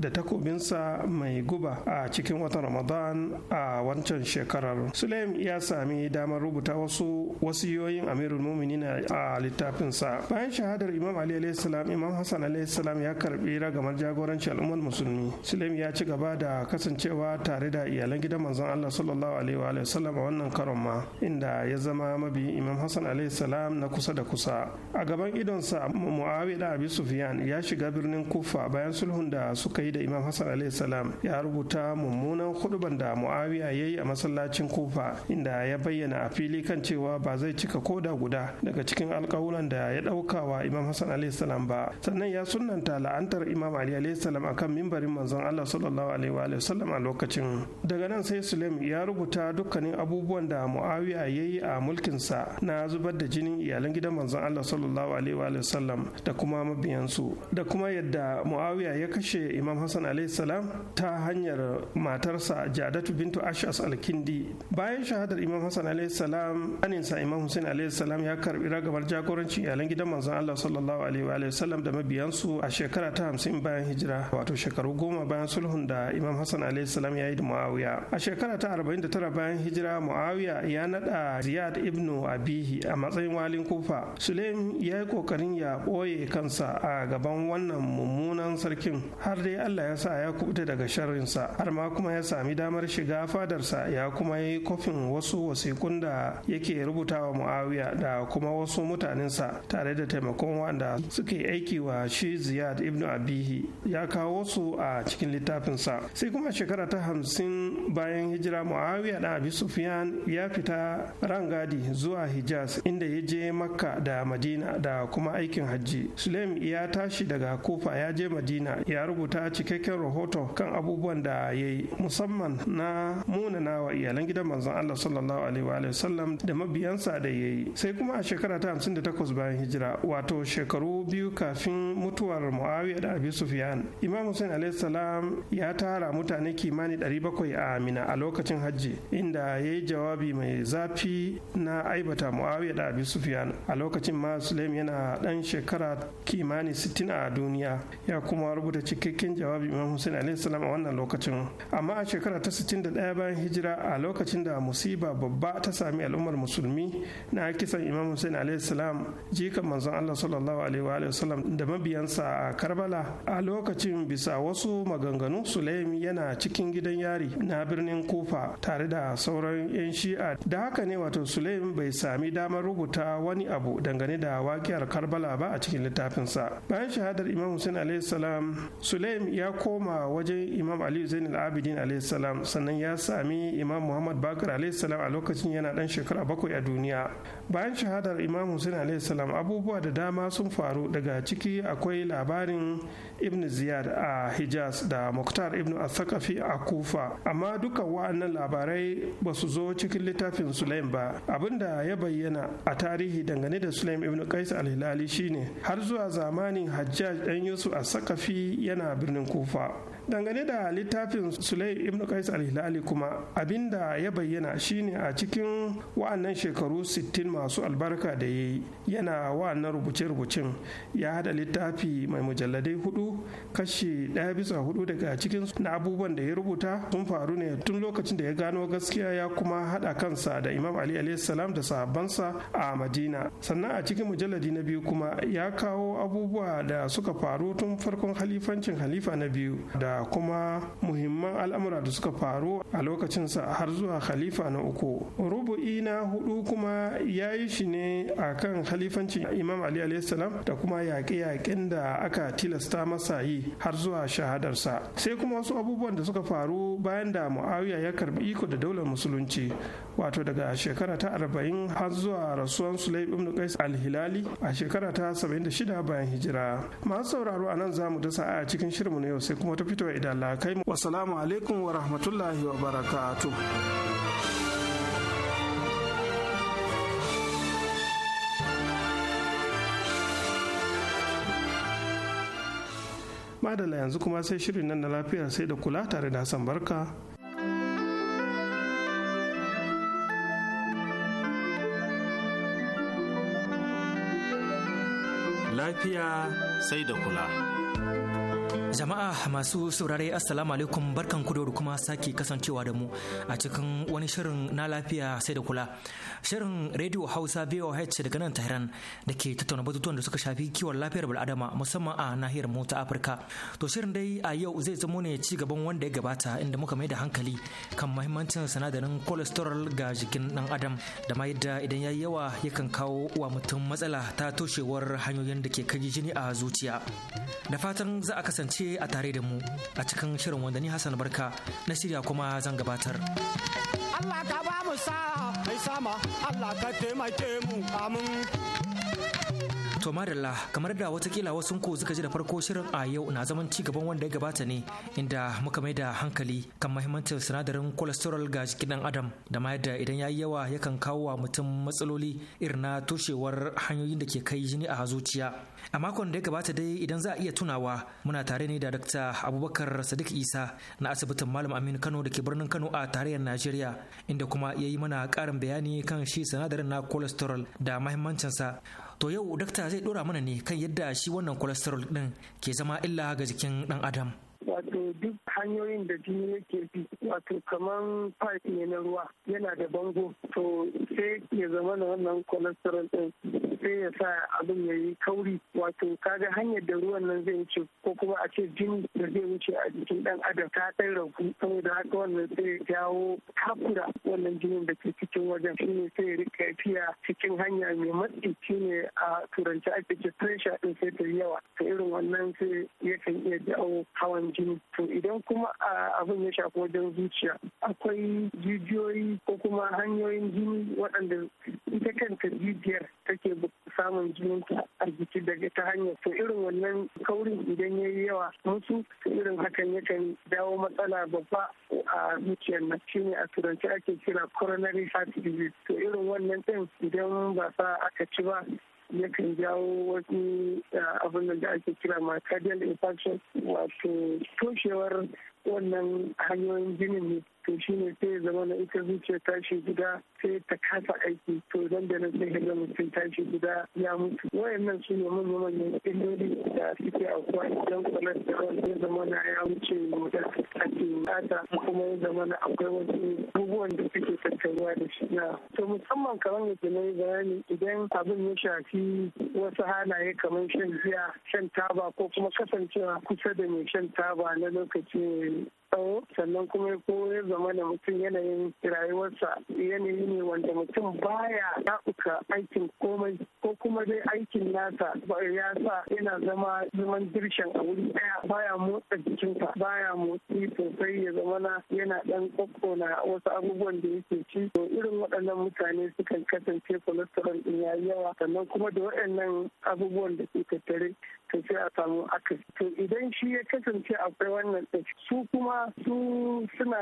da takobinsa mai guba a cikin watan ramadan a wancan shekarar sulaim ya sami damar rubuta wasu wasiyoyin amirul mu'minin a littafinsa bayan shahadar imam ali alaihi imam hassan alaihi ya karbi ragamar jagoranci al'ummar musulmi sulaim ya ci gaba da kasancewa tare da iyalan gidan manzon Allah sallallahu alaihi wa sallam a wannan karon ma inda ya zama mabi Imam Hassan alaihi salam na kusa da kusa. A gaban idonsa Muawiya da Abi Sufyan ya shiga birnin Kufa bayan sulhun da suka yi da Imam Hassan alaihi salam ya rubuta mummunan huduban da Muawiya ya yi a masallacin Kufa inda ya bayyana a fili kan cewa ba zai cika koda guda daga cikin alkawuran da ya ɗauka wa Imam Hassan alaihi salam ba. Sannan ya sunanta la'antar Imam Ali alaihi salam akan mimbarin manzon Allah Allah sallallahu alaihi wa sallam a lokacin daga nan sai Sulaim ya rubuta dukkanin abubuwan da Muawiya ya yi a sa na zubar da jinin iyalan gidan manzon Allah sallallahu alaihi wa sallam da kuma su da kuma yadda Muawiya ya kashe Imam Hassan alaihi salam ta hanyar matarsa Jadatu bintu Ash'as al-Kindi bayan shahadar Imam Hassan alaihi salam aninsa Imam Hussein alaihi salam ya karbi ragamar jagorancin iyalan gidan manzon Allah sallallahu alaihi wa sallam da su a shekara ta 50 bayan hijira wato shekaru goma bayan sulhun da imam hassan alaihissalam ya yi da muawiya a shekara ta 49 bayan hijira muawiya ya nada ziyad Ibnu abihi a matsayin walin kufa sulaim ya yi kokarin ya ɓoye kansa a gaban wannan mummunan sarkin har dai allah ya sa ya kubuta daga sharrinsa har ma kuma ya sami damar shiga fadarsa ya kuma yi kofin wasu wasikun da yake rubutawa muawiya da kuma wasu mutanensa tare da taimakon wanda suke aiki wa shi ziyad Ibnu abihi ya kawo su a cikin littafinsa sai kuma shekara ta hamsin bayan hijira muawiya da abi sufyan ya fita rangadi zuwa hijaz inda ya je makka da madina da kuma aikin hajji sulem ya tashi daga kufa ya je madina ya rubuta cikakken rahoto kan abubuwan da ya yi musamman na munana wa iyalan gidan manzon allah sallallahu alaihi wa sallam da mabiyansa da ya yi sai kuma a shekara ta hamsin da takwas bayan hijira wato shekaru biyu kafin mutuwar muawiya da abi sufyan imam hussein alaihi salam ya tara mutane kimani 700 a Amina a lokacin hajji inda ya yi jawabi mai zafi na aibata Muawiya da Abi sufiyan a lokacin ma Sulaim yana ɗan shekara kimani 60 a duniya ya kuma rubuta cikakken jawabi Imam Hussein alaihi salam a wannan lokacin amma a shekara ta 61 bayan hijira a lokacin da musiba babba ta sami al'ummar musulmi na kisan Imam Hussein alaihi salam jikan manzon Allah sallallahu alaihi wa sallam da mabiyansa a Karbala a lokacin bisa wasu maganganu maganganun sulaimi yana cikin gidan yari na birnin kufa tare da sauran 'yan shi'a da haka ne wato sulaim bai sami damar rubuta wani abu dangane da wakiyar karbala ba a cikin littafinsa bayan shahadar imam hussein alayhi salam sulaim ya koma wajen imam aliyu al abidin alayhi salam sannan ya sami imam muhammad bakar alayhi salam a lokacin yana dan shekara bakwai a duniya bayan shahadar imam hussein alayhi salam abubuwa da dama sun faru daga ciki akwai labarin ibn ziyad a hijaz da muktar ibn Asakafi a kufa amma duka wa'annan labarai ba su zo cikin littafin sulaim ba abinda ya bayyana a tarihi dangane da sulaim ibn qais al-hilali shine har zuwa zamanin hajjaj dan yusuf al yana birnin kufa dangane da littafin sulai ibn qais al-hilali kuma abinda ya bayyana shine a cikin wa'annan shekaru 60 masu albarka da ya yana wa'annan rubuce-rubucen ya hada littafi mai mujalladai hudu kashi daya bisa hudu daga cikin na abubuwan da ya rubuta sun faru ne tun lokacin da ya gano gaskiya ya kuma hada kansa da imam ali salam da sahabbansa a madina sannan a cikin mujalladi na biyu kuma ya kawo abubuwa da suka faru tun farkon halifancin halifa na biyu da kuma muhimman al'amura da suka faru a lokacinsa har zuwa khalifa na uku rubu'i na hudu kuma ya yi shi ne a kan khalifanci imam ali salam da kuma yaƙe-yaƙen da aka tilasta masa yi har zuwa shahadarsa sai kuma wasu abubuwan da suka faru bayan da muawiya ya karbi iko da daular musulunci wato daga shekara ta arba'in har zuwa rasuwan sulai ibn qais al-hilali a shekara ta shida bayan hijira masu sauraro a nan za mu dasa a cikin shirinmu na yau sai kuma ta fito fito idan lakai kai alaikum wa rahmatullahi wa barakatuh madala yanzu kuma sai shirin nan na lafiya sai da kula tare da san barka lafiya sai da kula Jama'a masu saurare Assalamu alaikum barkan ku da kuma sake kasancewa da mu a cikin wani shirin na lafiya sai da kula. Shirin Radio Hausa VOH daga nan Tehran da ke tattauna batutuwan da suka shafi kiwon lafiyar bil'adama musamman a nahiyar mu ta Afirka. To shirin dai a yau zai zamo ne ci gaban wanda ya gabata inda muka mai da hankali kan mahimmancin sinadarin cholesterol ga jikin dan adam da ma yadda idan yayi yawa yakan kawo wa mutum matsala ta toshewar hanyoyin da ke kai jini a zuciya. Da fatan za a kasance kasance a tare da mu a cikin shirin wanda ni Hassan Barka na shirya kuma zan gabatar. Allah ka ba mu sa mai sama Allah ka taimake mu amin. To madalla kamar da watakila wasu ko suka ji da farko shirin a yau na zaman ci gaban wanda ya gabata ne inda muka mai da hankali kan mahimmancin sinadarin cholesterol ga jikin dan adam da ma yadda idan yayi yawa yakan kawo wa mutum matsaloli irin na toshewar hanyoyin da ke kai jini a zuciya. A makon da ya gabata dai idan za a iya tunawa muna tare ne da Dr. Abubakar Sadiq Isa na asibitin Malam Aminu Kano da ke birnin Kano a tarayyar Najeriya inda kuma ya yi mana karin bayani kan shi sinadarin na cholesterol da mahimmancinsa. To yau dakta zai dora mana ne kan yadda shi wannan cholesterol din ke zama illa ga jikin dan adam. wato duk hanyoyin da jini yake bi wato kamar pipe ne na ruwa yana da bango to sai ya zama na wannan cholesterol din sai ya sa abin ya yi kauri wato kaga hanyar da ruwan nan zai wuce ko kuma a ce jini da zai wuce a jikin dan adam ta ɗan ragu saboda haka wannan sai jawo takura wannan jinin da ke cikin wajen shi ne sai ya rika tafiya cikin hanya mai matsi ne a turanci ake ce pressure din sai ta yawa ta irin wannan sai yakan iya jawo hawan jini to idan kuma abin ya shafi wajen zuciya akwai jijiyoyi ko kuma hanyoyin jini waɗanda ita kanta jijiyar take samun jininta a jiki daga ta hanyar to irin wannan kaurin idan ya yi yawa musu irin hakan yakan dawo matsala babba a zuciyar nan ne a turanci ake kira coronary heart disease to irin wannan ɗin idan ba sa aka ci ba yakan jawo wasu eh, abin da ake kira myocardial infarction wato toshewar wannan hanyoyin jinin ne to shi ne sai zama na ita zuciya tashi guda sai ta kasa aiki to zan da nan sai ga mutum tashi guda ya mutu wayannan su ne manya manyan illoli da suke aukuwa idan cholesterol ya zama na ya wuce motar ake bukata kuma ya zama na akwai wasu abubuwan da suke tattaruwa da shi na to musamman kamar yadda na yi bayani idan abin ya shafi wasu halaye kamar shan giya shan taba ko kuma kasancewa kusa da mai shan taba na lokaci tsawo sannan kuma ko ya zama da mutum yanayin rayuwarsa yanayi ne wanda mutum baya ɗauka aikin komai ko kuma dai aikin nasa ya sa yana zama zaman dirshan a wuri ɗaya baya motsa jikinsa baya motsi sosai ya zama na yana ɗan kokkona wasu abubuwan da yake ci to irin waɗannan mutane sukan kasance cholesterol ɗin ya yawa sannan kuma da waɗannan abubuwan da ke tattare to sai a samu aka to idan shi ya kasance akwai wannan ɗin su kuma su suna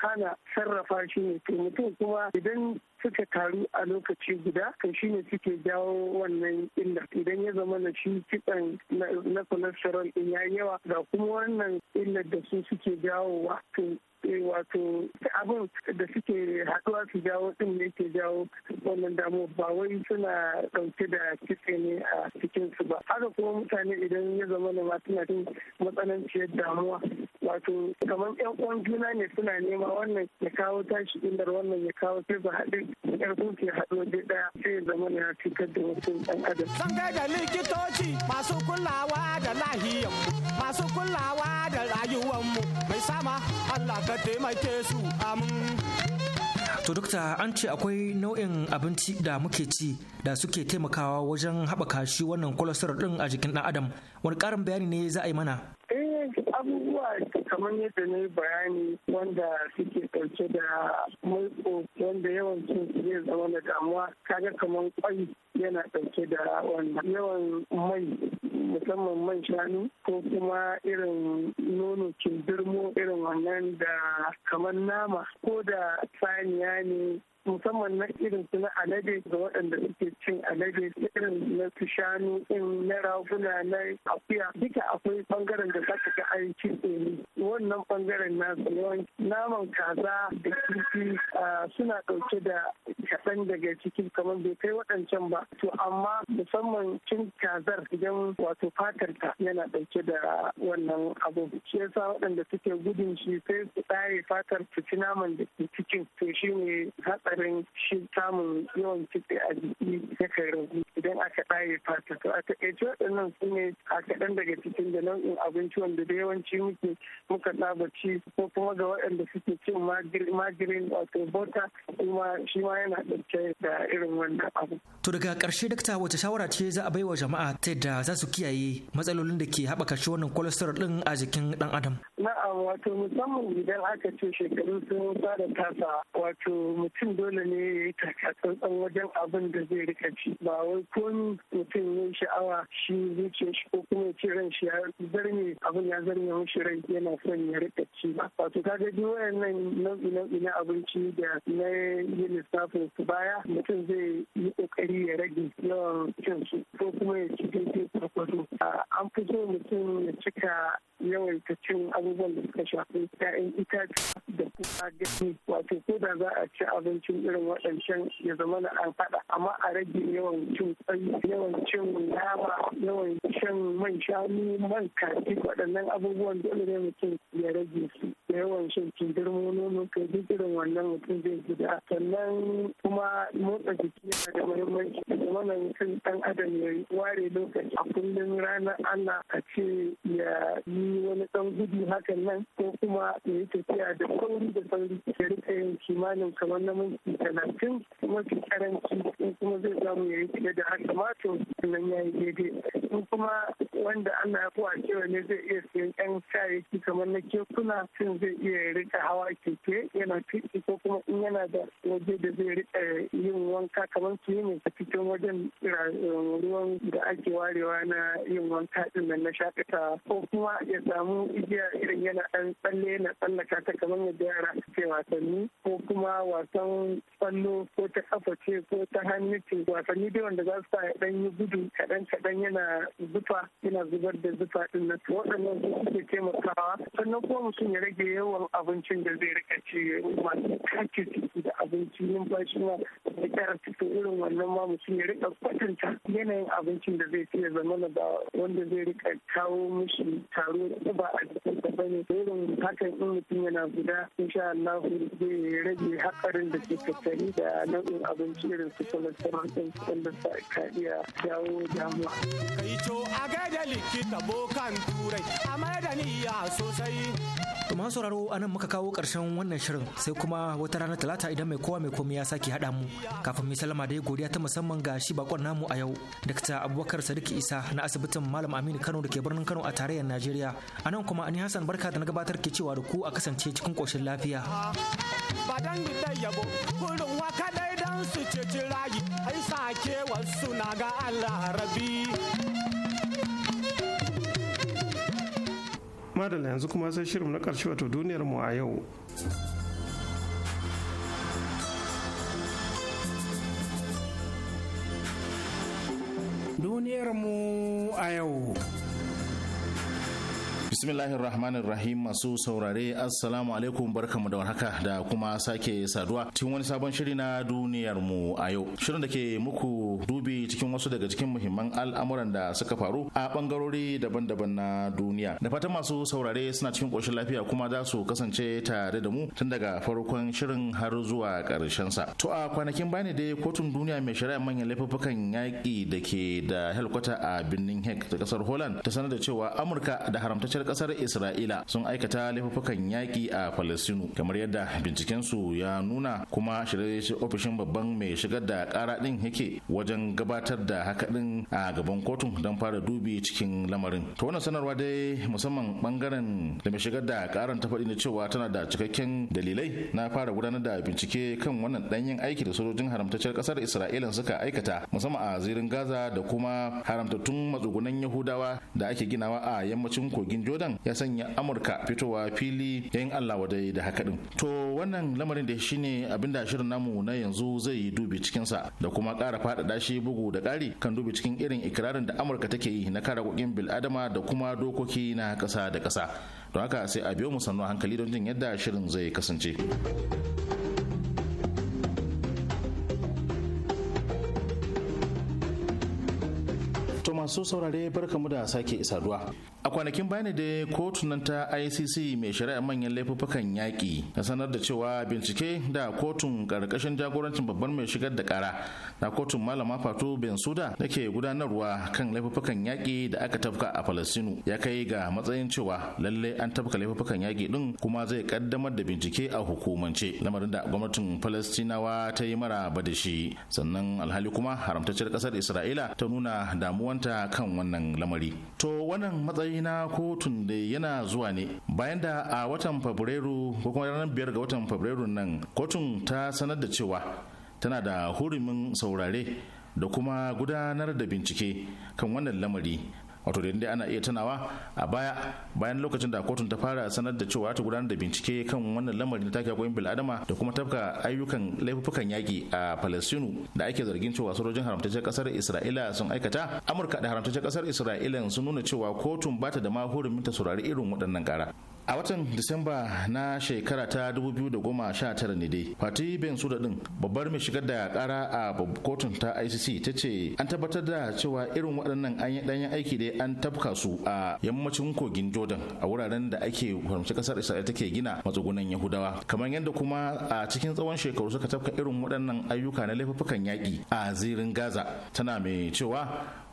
hana sarrafa shi ne to mutum kuma idan suka taru a lokaci guda ka shi ne suke jawo wannan illa idan ya zama na shi kitsan na cholesterol ɗin ya yawa ga kuma wannan illar da su suke jawowa to Eh, wato abin da suke haɗuwa su jawo ɗin ne ke jawo wannan damu ba wai suna ɗauke da kitse ne a cikin su ba haka kuma mutane idan ya zama da masu na cikin matsananciyar damuwa wato kamar yan uwan juna ne suna nema wannan ya kawo tashi inda wannan ya kawo sai ba 'yan ƙarfin ke haɗu da ɗaya sai ya zama na cutar da wasu ɗan adam. Zan kai da likitoci masu kulawa da lahiyanmu masu kulawa da mu mai sama Allah ka taimake su amin to dokta an ce akwai nau'in abinci da muke ci da suke taimakawa wajen haɓaka shi wannan cholesterol ɗin a jikin ɗan adam wani ƙarin bayani ne za a yi mana eh abubuwa kamar yadda na yi bayani wanda suke ɗauke da mulko wanda cin su zai zama da damuwa kaga kamar kwai yana ɗauke da wanda. yawan mai musamman man shanu ko kuma irin nono kindirmo irin wannan da kamar nama ko da saniya ne musamman na irin su na alade ga waɗanda suke cin alade irin na su shanu in na raguna na akuya duka akwai bangaren da za ka ga an ci tsoni wannan bangaren na yawanci naman kaza da kifi suna ɗauke da kaɗan daga cikin kamar bai kai waɗancan ba to amma musamman cin kazar idan wato fatar ta yana ɗauke da wannan abu shi yasa waɗanda suke gudun shi sai su tsare fatar su ci naman da ke cikin to shi ne hatsari wurin shi samun yawan kitse a jiki yakan ragu idan aka ɗaye fata to a taƙaice waɗannan su ne a kaɗan daga cikin da nau'in abinci wanda da yawanci muke muka ɗaba ci ko kuma ga waɗanda suke cin magirin wato bota kuma shi ma yana ɗauke da irin wannan abu. To daga ƙarshe dakta wace shawara ce za a baiwa jama'a ta yadda za su kiyaye matsalolin da ke haɓaka shi wannan cholesterol ɗin a jikin ɗan adam. Na'am wato musamman idan aka ce shekaru sun fara tasa wato mutum dole ne ya yi takatsantsan wajen abin da zai rika ci ba wai komi mutum ya sha'awa shi zuciyar shi ko kuma ya ci ran shi ya zarme abin ya zarme mishi rai yana son ya rika ci ba wato kaga ji wayannan nau'i nau'i na abinci da na yi lissafin su baya mutum zai yi kokari ya rage yawan cin su ko kuma ya ci daidai farfado an fi so mutum ya cika yawaita cin abubuwan da suka shafi 'ya'yan itatuwa da kuma gani wato ko da za a ci abincin irin waɗancan ya zama na an faɗa amma a rage yawan cin tsayi yawan cin nama yawan shan man shanu man kaji waɗannan abubuwan dole ne mutum ya rage su yawan shan kindirmo mun kai duk wannan mutum zai gida sannan kuma motsa jiki yana da muhimmanci da mana mutum dan adam ya ware lokaci a kullum ranar ana a ce ya yi wani dan gudu hakan nan ko kuma ya yi tafiya da sauri da sauri ya rika yin kimanin kamar na minti talatin mafi karanci in kuma zai samu ya yi fiye da haka ma to nan ya yi daidai in kuma wanda Allah ya fi cewa ne zai iya siyan yan kayayyaki kamar na kekuna sun zai iya rika hawa keke yana tuki ko kuma in yana da waje da zai rika yin wanka kamar su yi a cikin wajen ruwan da ake warewa na yin wanka din nan na shakata ko kuma ya samu igiya irin yana ɗan tsalle na tsallaka ta kamar yadda yara suke wasanni ko kuma wasan tsallo ko ta kafa ce ko ta hannu ce wasanni dai wanda za su sa ya ɗan yi gudu kaɗan kaɗan yana zufa yana zubar da zufa din nan waɗannan su suke taimakawa sannan kuma mutum ya rage yawan abincin da zai rika ci masu kake da abinci numfashi bashi ya cikin irin wannan ma mutum ya rika kwatanta yanayin abincin da zai fiye zama da wanda zai rika kawo mishi taro ba a cikin ta bane irin hakan in mutum yana guda insha Allah zai rage hakarin da ke tattare da nau'in abinci irin su cholesterol din wanda sa ka iya jawo damuwa. Kai to a gaida likita bokan turai a da niyya sosai. masu sauraro anan muka kawo ƙarshen wannan shirin sai kuma wata rana talata idan mai kowa mai komai ya sake haɗa mu kafin mai salama da ya godiya ta musamman ga shi bakon namu a yau Dr. Abubakar Sadiq Isa na asibitin Malam Aminu Kano da ke birnin Kano a tarayyar Najeriya a nan kuma yi Hassan barka da na gabatar ke cewa da ku a kasance cikin koshin lafiya ba dan yabo kurin waka dai dan su ci rayi ai sake na ga Allah rabi madalla yanzu kuma sai shirin na karshe wato duniyar mu a yau mu a yau. rahim, masu saurare assalamu alaikum barkamu da warhaka da kuma sake saduwa cikin wani sabon shiri na duniyar mu a yau. Shirin da ke muku dubi cikin wasu daga cikin muhimman al'amuran da suka faru a bangarori daban-daban na duniya. Da fatan masu saurare suna cikin koshin lafiya kuma za su kasance tare da mu tun daga farkon shirin har zuwa karshen sa. To a kwanakin bani dai kotun duniya mai shari'a manyan laifukan yaƙi da ke da helkwata a birnin Hague da kasar Holland ta sanar da cewa Amurka da haramtacciyar kasar isra'ila sun aikata laifukan yaƙi a falastinu kamar yadda bincikensu ya nuna kuma shirye ofishin babban mai shigar da ƙara ɗin yake wajen gabatar da haka din a gaban kotun don fara dubi cikin lamarin ta wannan sanarwa dai musamman bangaren da mai shigar da ƙaran ta faɗi na cewa tana da cikakken dalilai na fara gudanar da bincike kan wannan ɗanyen aiki da sojojin haramtacciyar ƙasar isra'ila suka aikata musamman a zirin gaza da kuma haramtattun matsugunan yahudawa da ake ginawa a yammacin kogin jordan sudan ya sanya amurka fitowa fili yayin allah dai da haka din to wannan lamarin da shine abinda shirin namu na yanzu zai yi dubi cikinsa da kuma kara faɗaɗa shi bugu da kari kan dubi cikin irin ikirarin da amurka take yi na kara kokin bil'adama da kuma dokoki na kasa da kasa don haka sai a biyo mu sannu hankali don jin yadda shirin zai kasance. masu saurare barkamu da sake saduwa. A kwanakin bayani da kotu nan ta ICC mai shari'a manyan laifukan yaƙi na sanar da cewa bincike da kotun ƙarƙashin jagorancin babban mai shigar da ƙara na kotun malama Fatu Bensuda da ke gudanarwa kan laifukan yaƙi da aka tafka a Falasinu ya kai ga matsayin cewa lalle an tafka laifukan yaƙi din kuma zai kaddamar da bincike a hukumance lamarin da gwamnatin Falastinawa ta yi mara ba da shi sannan alhali kuma haramtacciyar ƙasar Isra'ila ta nuna damuwanta kan wannan lamari to wannan matsayi na kotun da yana zuwa ne bayan da a watan fabrairu ko kuma ranar biyar ga watan fabrairu nan kotun ta sanar da cewa tana da hurumin saurare da kuma gudanar da bincike kan wannan lamari wato da ana iya tunawa a baya bayan lokacin da kotun ta fara sanar da cewa ta gudanar da bincike kan wannan lamarin da take goyin bil'adama da kuma tafka ayyukan laifukan yaki a palestinu da ake zargin cewa sojojin haramtaccen kasar isra'ila sun aikata amurka da haramtaccen kasar isra'ila sun nuna cewa kotun bata da ma hurumin ta saurari irin waɗannan ƙara a watan disamba na shekara ta 2019 ne dai fati bin suda din babbar mai shigar da kara a kotun ta icc ta ce an tabbatar da cewa irin waɗannan an yi ɗanyen aiki dai an tabka su a yammacin kogin jordan a wuraren da ake fahimci ƙasar isra'ila take gina matsugunan yahudawa kamar yadda kuma a cikin tsawon shekaru suka tabka irin waɗannan ayyuka na laifukan yaƙi a zirin gaza tana mai cewa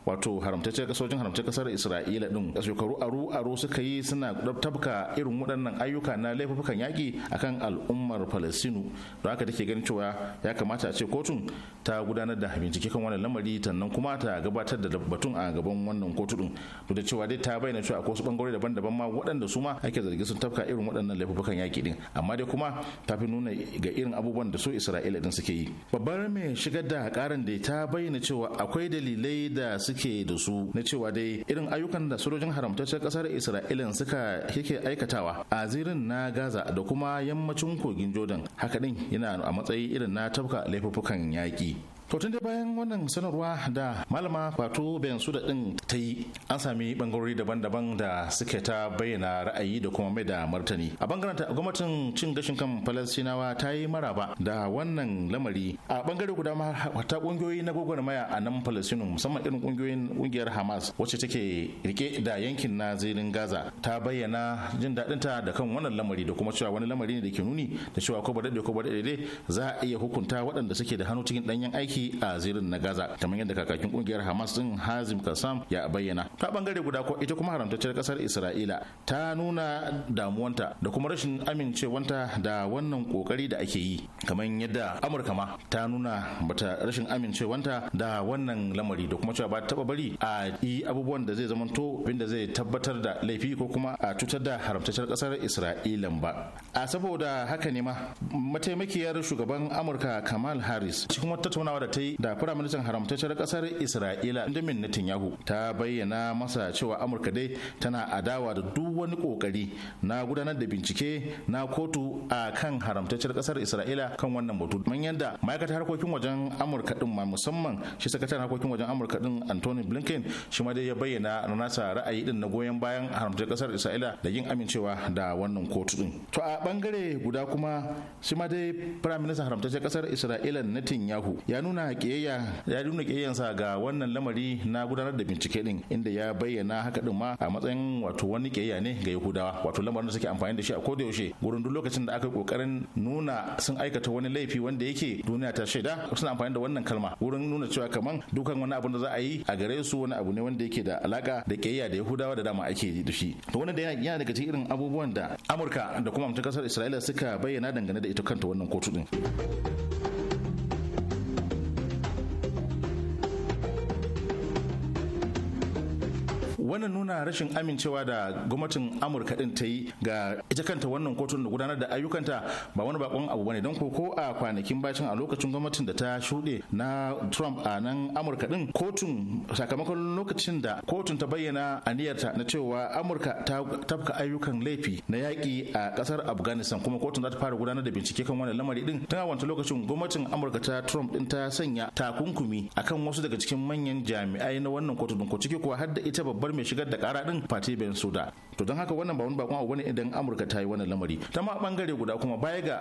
wato haramtacce kasojin haramtacce kasar isra'ila din a shekaru aru aru suka yi suna tabka irin waɗannan ayyuka na laifukan yaƙi akan al'ummar falastinu da aka take ganin cewa ya kamata a ce kotun ta gudanar da bincike kan wannan lamari sannan kuma ta gabatar da batun a gaban wannan kotu din duk da cewa dai ta bayyana cewa akwai wasu bangarori daban-daban ma waɗanda su ma ake zargi sun tafka irin waɗannan laifukan yaƙi din amma dai kuma ta fi nuna ga irin abubuwan da su isra'ila din suke yi babbar mai shigar da karin da ta bayyana cewa akwai dalilai da suke suke da su na cewa dai irin ayyukan da sojojin haramtaccen kasar isra'ila suka yake aikatawa a zirin na gaza da kuma yammacin kogin jordan haka din yana a matsayi irin na tafka laifuffukan yaƙi To tun da bayan wannan sanarwa da malama wato bayan su da din ta yi an sami bangarori daban-daban da suke ta bayyana ra'ayi da kuma mai da martani. A bangaren gwamnatin cin gashin kan Falasinawa ta yi maraba da wannan lamari. A bangare guda ma ta kungiyoyi na gwagwarmaya a nan Falasinu musamman irin kungiyoyin kungiyar Hamas wacce take rike da yankin na zirin Gaza ta bayyana jin daɗin ta da kan wannan lamari da kuma cewa wani lamari ne da ke nuni da cewa ko ba daɗe ko ba daɗe za a iya hukunta waɗanda suke da hannu cikin ɗanyen aiki ciki a zirin na gaza kamar yadda kakakin kungiyar hamas din hazim kassam ya bayyana ta bangare guda ko ita kuma haramtacciyar kasar isra'ila ta nuna damuwanta da kuma rashin amincewanta da wannan kokari da ake yi kamar yadda amurka ma ta nuna bata rashin amincewanta da wannan lamari da kuma cewa ba ta taba bari a yi abubuwan da zai zamanto abinda zai tabbatar da laifi ko kuma a cutar da haramtacciyar kasar isra'ilan ba a saboda haka ne ma mataimakiyar shugaban amurka kamal harris cikin wata tattaunawa da da ta yi da firaministan haramtacciyar kasar isra'ila benjamin netanyahu ta bayyana masa cewa amurka dai tana adawa da duk wani kokari na gudanar da bincike na kotu a kan haramtacciyar kasar isra'ila kan wannan batu man yadda ma'aikatar harkokin wajen amurka din ma musamman shi sakataren harkokin wajen amurka din anthony blinken shi ma dai ya bayyana nasa ra'ayi din na goyon bayan haramtacciyar kasar isra'ila da yin amincewa da wannan kotu din to a bangare guda kuma shi ma dai firaministan haramtacciyar kasar isra'ila netanyahu ya nuna nuna kiyayya ya nuna kiyayyansa ga wannan lamari na gudanar da bincike din inda ya bayyana haka din ma a matsayin wato wani kiyayya ne ga Yahudawa wato lamarin da suke amfani da shi a koda yaushe gurin duk lokacin da aka kokarin nuna sun aikata wani laifi wanda yake duniya ta shaida suna amfani da wannan kalma wurin nuna cewa kaman dukan wani abu da za a yi a gare su wani abu ne wanda yake da alaka da kiyayya da Yahudawa da dama ake da shi to wannan da yana daga cikin irin abubuwan da Amurka da kuma mutum kasar Isra'ila suka bayyana dangane da ita kanta wannan kotu din. wannan nuna rashin amincewa da gwamnatin amurka din ta yi ga ita kanta wannan kotun da gudanar da ayyukanta ba wani bakon abu bane don ko a kwanakin bacin a lokacin gwamnatin da ta shuɗe na trump a nan amurka din kotun sakamakon lokacin da kotun ta bayyana aniyarta na cewa amurka ta tafka ayyukan laifi na yaƙi a ƙasar afghanistan kuma kotun za ta fara gudanar da bincike kan wannan lamari din tana wanta lokacin gwamnatin amurka ta trump din ta sanya takunkumi akan wasu daga cikin manyan jami'ai na wannan kotun ko ciki kuwa har da ita babbar mai shigar da kara din fati ben suda to don haka wannan ba wani bakon abu bane idan amurka ta yi wannan lamari ta ma bangare guda kuma baya ga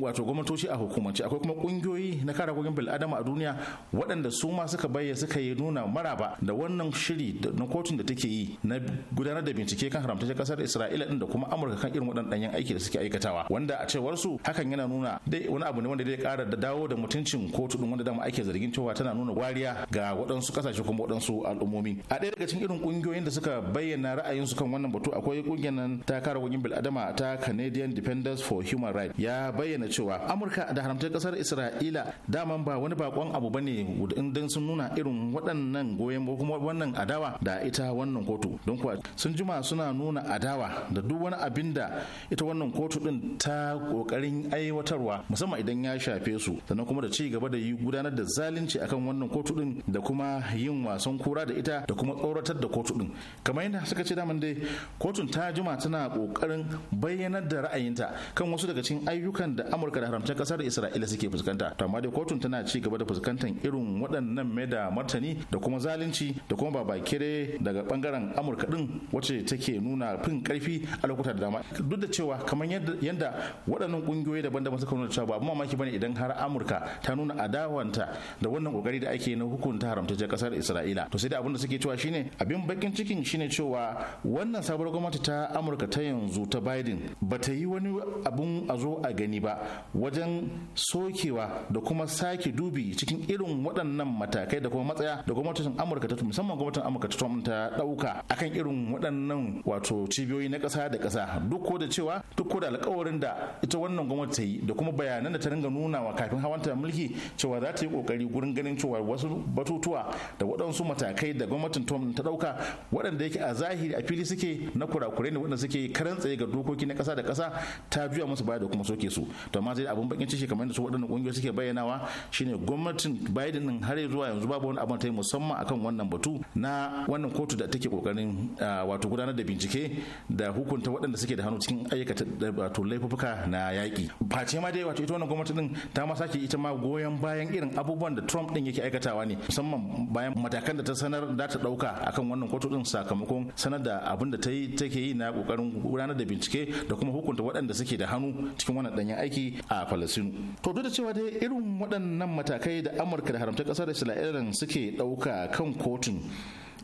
wato gwamnatoci a hukumance akwai kuma kungiyoyi na kare hakokin bil'adama a duniya waɗanda su ma suka bayyana suka yi nuna maraba da wannan shiri na kotun da take yi na gudanar da bincike kan haramtaccen kasar isra'ila din da kuma amurka kan irin waɗannan ɗanyen aiki da suke aikatawa wanda a cewar su hakan yana nuna dai wani abu ne wanda zai ƙara da dawo da mutuncin kotu din wanda dama ake zargin cewa tana nuna wariya ga waɗansu kasashe kuma waɗansu al'ummomi a ɗaya daga cikin irin kungiyoyin da suka bayyana ra'ayinsu kan wannan batu akwai kungiyar nan ta kare hakokin bil'adama ta Canadian Defenders for Human Rights ya bayyana bayyana cewa amurka da haramtar kasar isra'ila daman ba wani bakon abu ba ne dan sun nuna irin waɗannan goyon ba kuma wannan adawa da ita wannan kotu don kuwa sun jima suna nuna adawa da duk wani abin da ita wannan kotu din ta kokarin aiwatarwa musamman idan ya shafe su sannan kuma da ci gaba da yi gudanar da zalunci akan wannan kotu din da kuma yin wasan kura da ita da kuma tsoratar da kotu din kamar yadda suka ce daman dai kotun ta jima tana kokarin bayyanar da ra'ayinta kan wasu daga cikin ayyukan da da amurka da haramcin kasar isra'ila suke fuskanta to amma dai kotun tana ci gaba da fuskantar irin waɗannan mai da martani da kuma zalunci da kuma kere daga bangaren amurka din wacce take nuna fin karfi a lokuta da dama duk da cewa kamar yadda waɗannan ƙungiyoyi daban-daban suka nuna cewa ba mamaki bane idan har amurka ta nuna adawanta da wannan kokari da ake na hukunta haramtaccen kasar isra'ila to sai da abin da suke cewa shine abin bakin cikin shine cewa wannan sabuwar gwamnati ta amurka ta yanzu ta biden ba ta yi wani abun a zo a gani ba ba wajen sokewa da kuma sake dubi cikin irin waɗannan matakai da kuma matsaya da gwamnatin amurka ta musamman gwamnatin amurka ta trump ta ɗauka akan irin waɗannan wato cibiyoyi na ƙasa da ƙasa duk ko da cewa duk ko da alƙawarin da ita wannan gwamnati ta yi da kuma bayanan da ta ringa nunawa kafin hawanta mulki cewa za ta yi ƙoƙari gurin ganin cewa wasu batutuwa da waɗansu matakai da gwamnatin trump ta ɗauka waɗanda yake a zahiri a fili suke na kurakurai ne waɗanda suke karan tsaye ga dokoki na ƙasa da ƙasa ta juya musu baya da kuma soke su to amma zai abun bakin ciki kamar yadda su waɗannan ƙungiyoyi suke bayyanawa shine gwamnatin Biden din har zuwa yanzu babu wani abun ta yi musamman akan wannan batu na wannan kotu da take kokarin wato gudanar da bincike da hukunta waɗanda suke da hannu cikin aikata wato laifuka na yaƙi face ma dai wato ita wannan gwamnati din ta ma sake ita ma goyon bayan irin abubuwan da Trump din yake aikatawa ne musamman bayan matakan da ta sanar da ta ɗauka akan wannan kotu din sakamakon sanar da abin da ta yi take yi na kokarin gudanar da bincike da kuma hukunta waɗanda suke da hannu cikin wannan danyen aiki yaki a Falasɗinu. To duk da cewa dai irin waɗannan matakai da Amurka da haramta ƙasar Isra'ila suke ɗauka kan kotun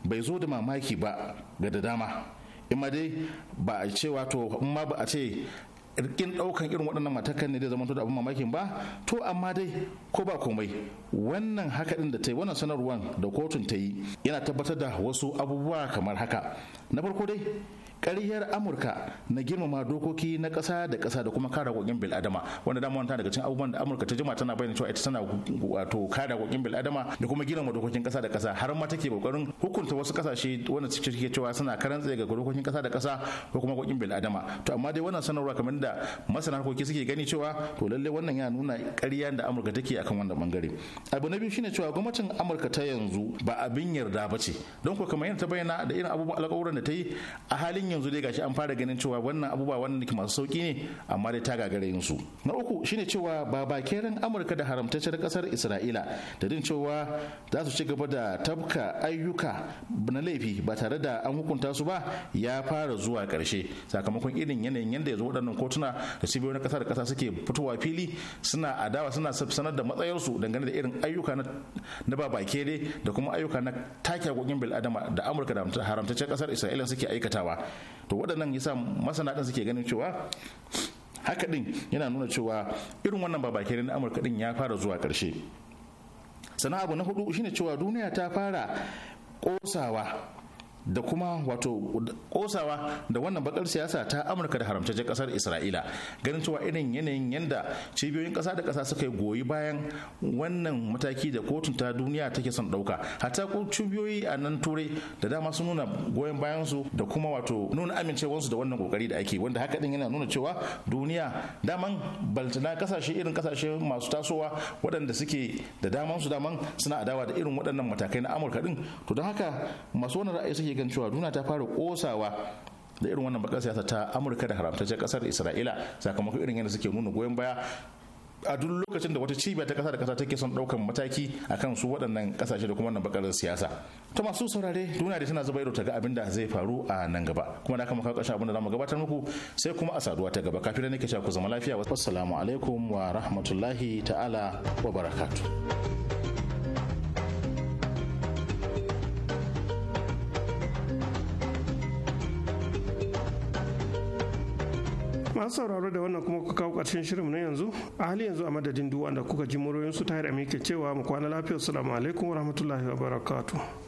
bai zo da mamaki ba ga da dama. Ima dai ba a ce wato ma ba a ce irkin daukan irin waɗannan matakan ne zai zama da abin mamakin ba to amma dai ko ba komai wannan haka din da ta yi wannan sanarwar da kotun ta yi yana tabbatar da wasu abubuwa kamar haka na farko dai ƙaryar amurka na girmama dokoki na ƙasa da ƙasa da kuma kare bil adama wanda dama wanta daga cikin abubuwan da amurka ta jima tana bayyana cewa ita tana wato kare haƙoƙin adama da kuma girmama dokokin ƙasa da ƙasa har ma take kokarin hukunta wasu ƙasashe wanda suke cewa suna karan tsaye ga dokokin ƙasa da ƙasa ko kuma haƙoƙin adama to amma dai wannan sanarwa kamar da masana harkoki suke gani cewa to lalle wannan ya nuna ƙarya da amurka take akan wannan bangare abu na biyu shine cewa gwamnatin amurka ta yanzu ba abin yarda ba ce don kuwa kamar yadda ta bayyana da irin abubuwan alƙawuran da ta yi a halin an yanzu dai gashi an fara ganin cewa wannan abubuwa wannan ke masu sauki ne amma dai ta gagare yin su na uku shine cewa ba bakeren amurka da haramtaccen kasar isra'ila da din cewa za su ci gaba da tabka ayyuka na laifi ba tare da an hukunta su ba ya fara zuwa karshe sakamakon irin yanayin yadda yanzu waɗannan kotuna da cibiyoyi na kasar da suke fitowa fili suna adawa suna sanar da matsayarsu dangane da irin ayyuka na bakere da kuma ayyuka na take hakokin bil'adama da amurka da haramtaccen kasar isra'ila suke aikatawa to waɗannan yasa masana ɗin suke ganin cewa haka ɗin yana nuna cewa irin wannan bakin na amurka ɗin ya fara zuwa ƙarshe sana abu na hudu shine cewa duniya ta fara ƙosawa da kuma wato kosawa da wannan bakar siyasa ta amurka da haramtaccen kasar isra'ila ganin cewa irin yanayin yanda cibiyoyin kasa da kasa suka goyi bayan wannan mataki da kotun ta duniya take son dauka hatta cibiyoyi a nan turai da dama sun nuna goyon bayan su da kuma wato nuna amincewarsu da wannan kokari da ake wanda haka din yana nuna cewa duniya daman baltana kasashe irin kasashe masu tasowa waɗanda suke da daman su daman suna adawa da irin waɗannan matakai na amurka din to don haka masu wannan ra'ayi suke iya gan cewa duna ta fara kosawa da irin wannan bakar siyasa ta amurka da haramtaccen kasar isra'ila sakamakon irin yadda suke nuna goyon baya a duk lokacin da wata cibiya ta kasa da kasa take son daukan mataki akan su waɗannan kasashe da kuma wannan bakar siyasa ta masu saurare duna da tana zuba ido ta ga abin da zai faru a nan gaba kuma da kama kawo abin da zamu gabatar muku sai kuma a saduwa ta gaba kafin nake cewa ku zama lafiya wassalamu alaikum wa rahmatullahi ta'ala wa barakatu. masu sauraro da wannan kuma kawo ƙarshen shirin na yanzu a hali yanzu a madadin duk wanda kuka ji muryoyin su ta yi ke cewa mu kwana lafiya salamu alaikum wa rahmatullahi wa barakatu.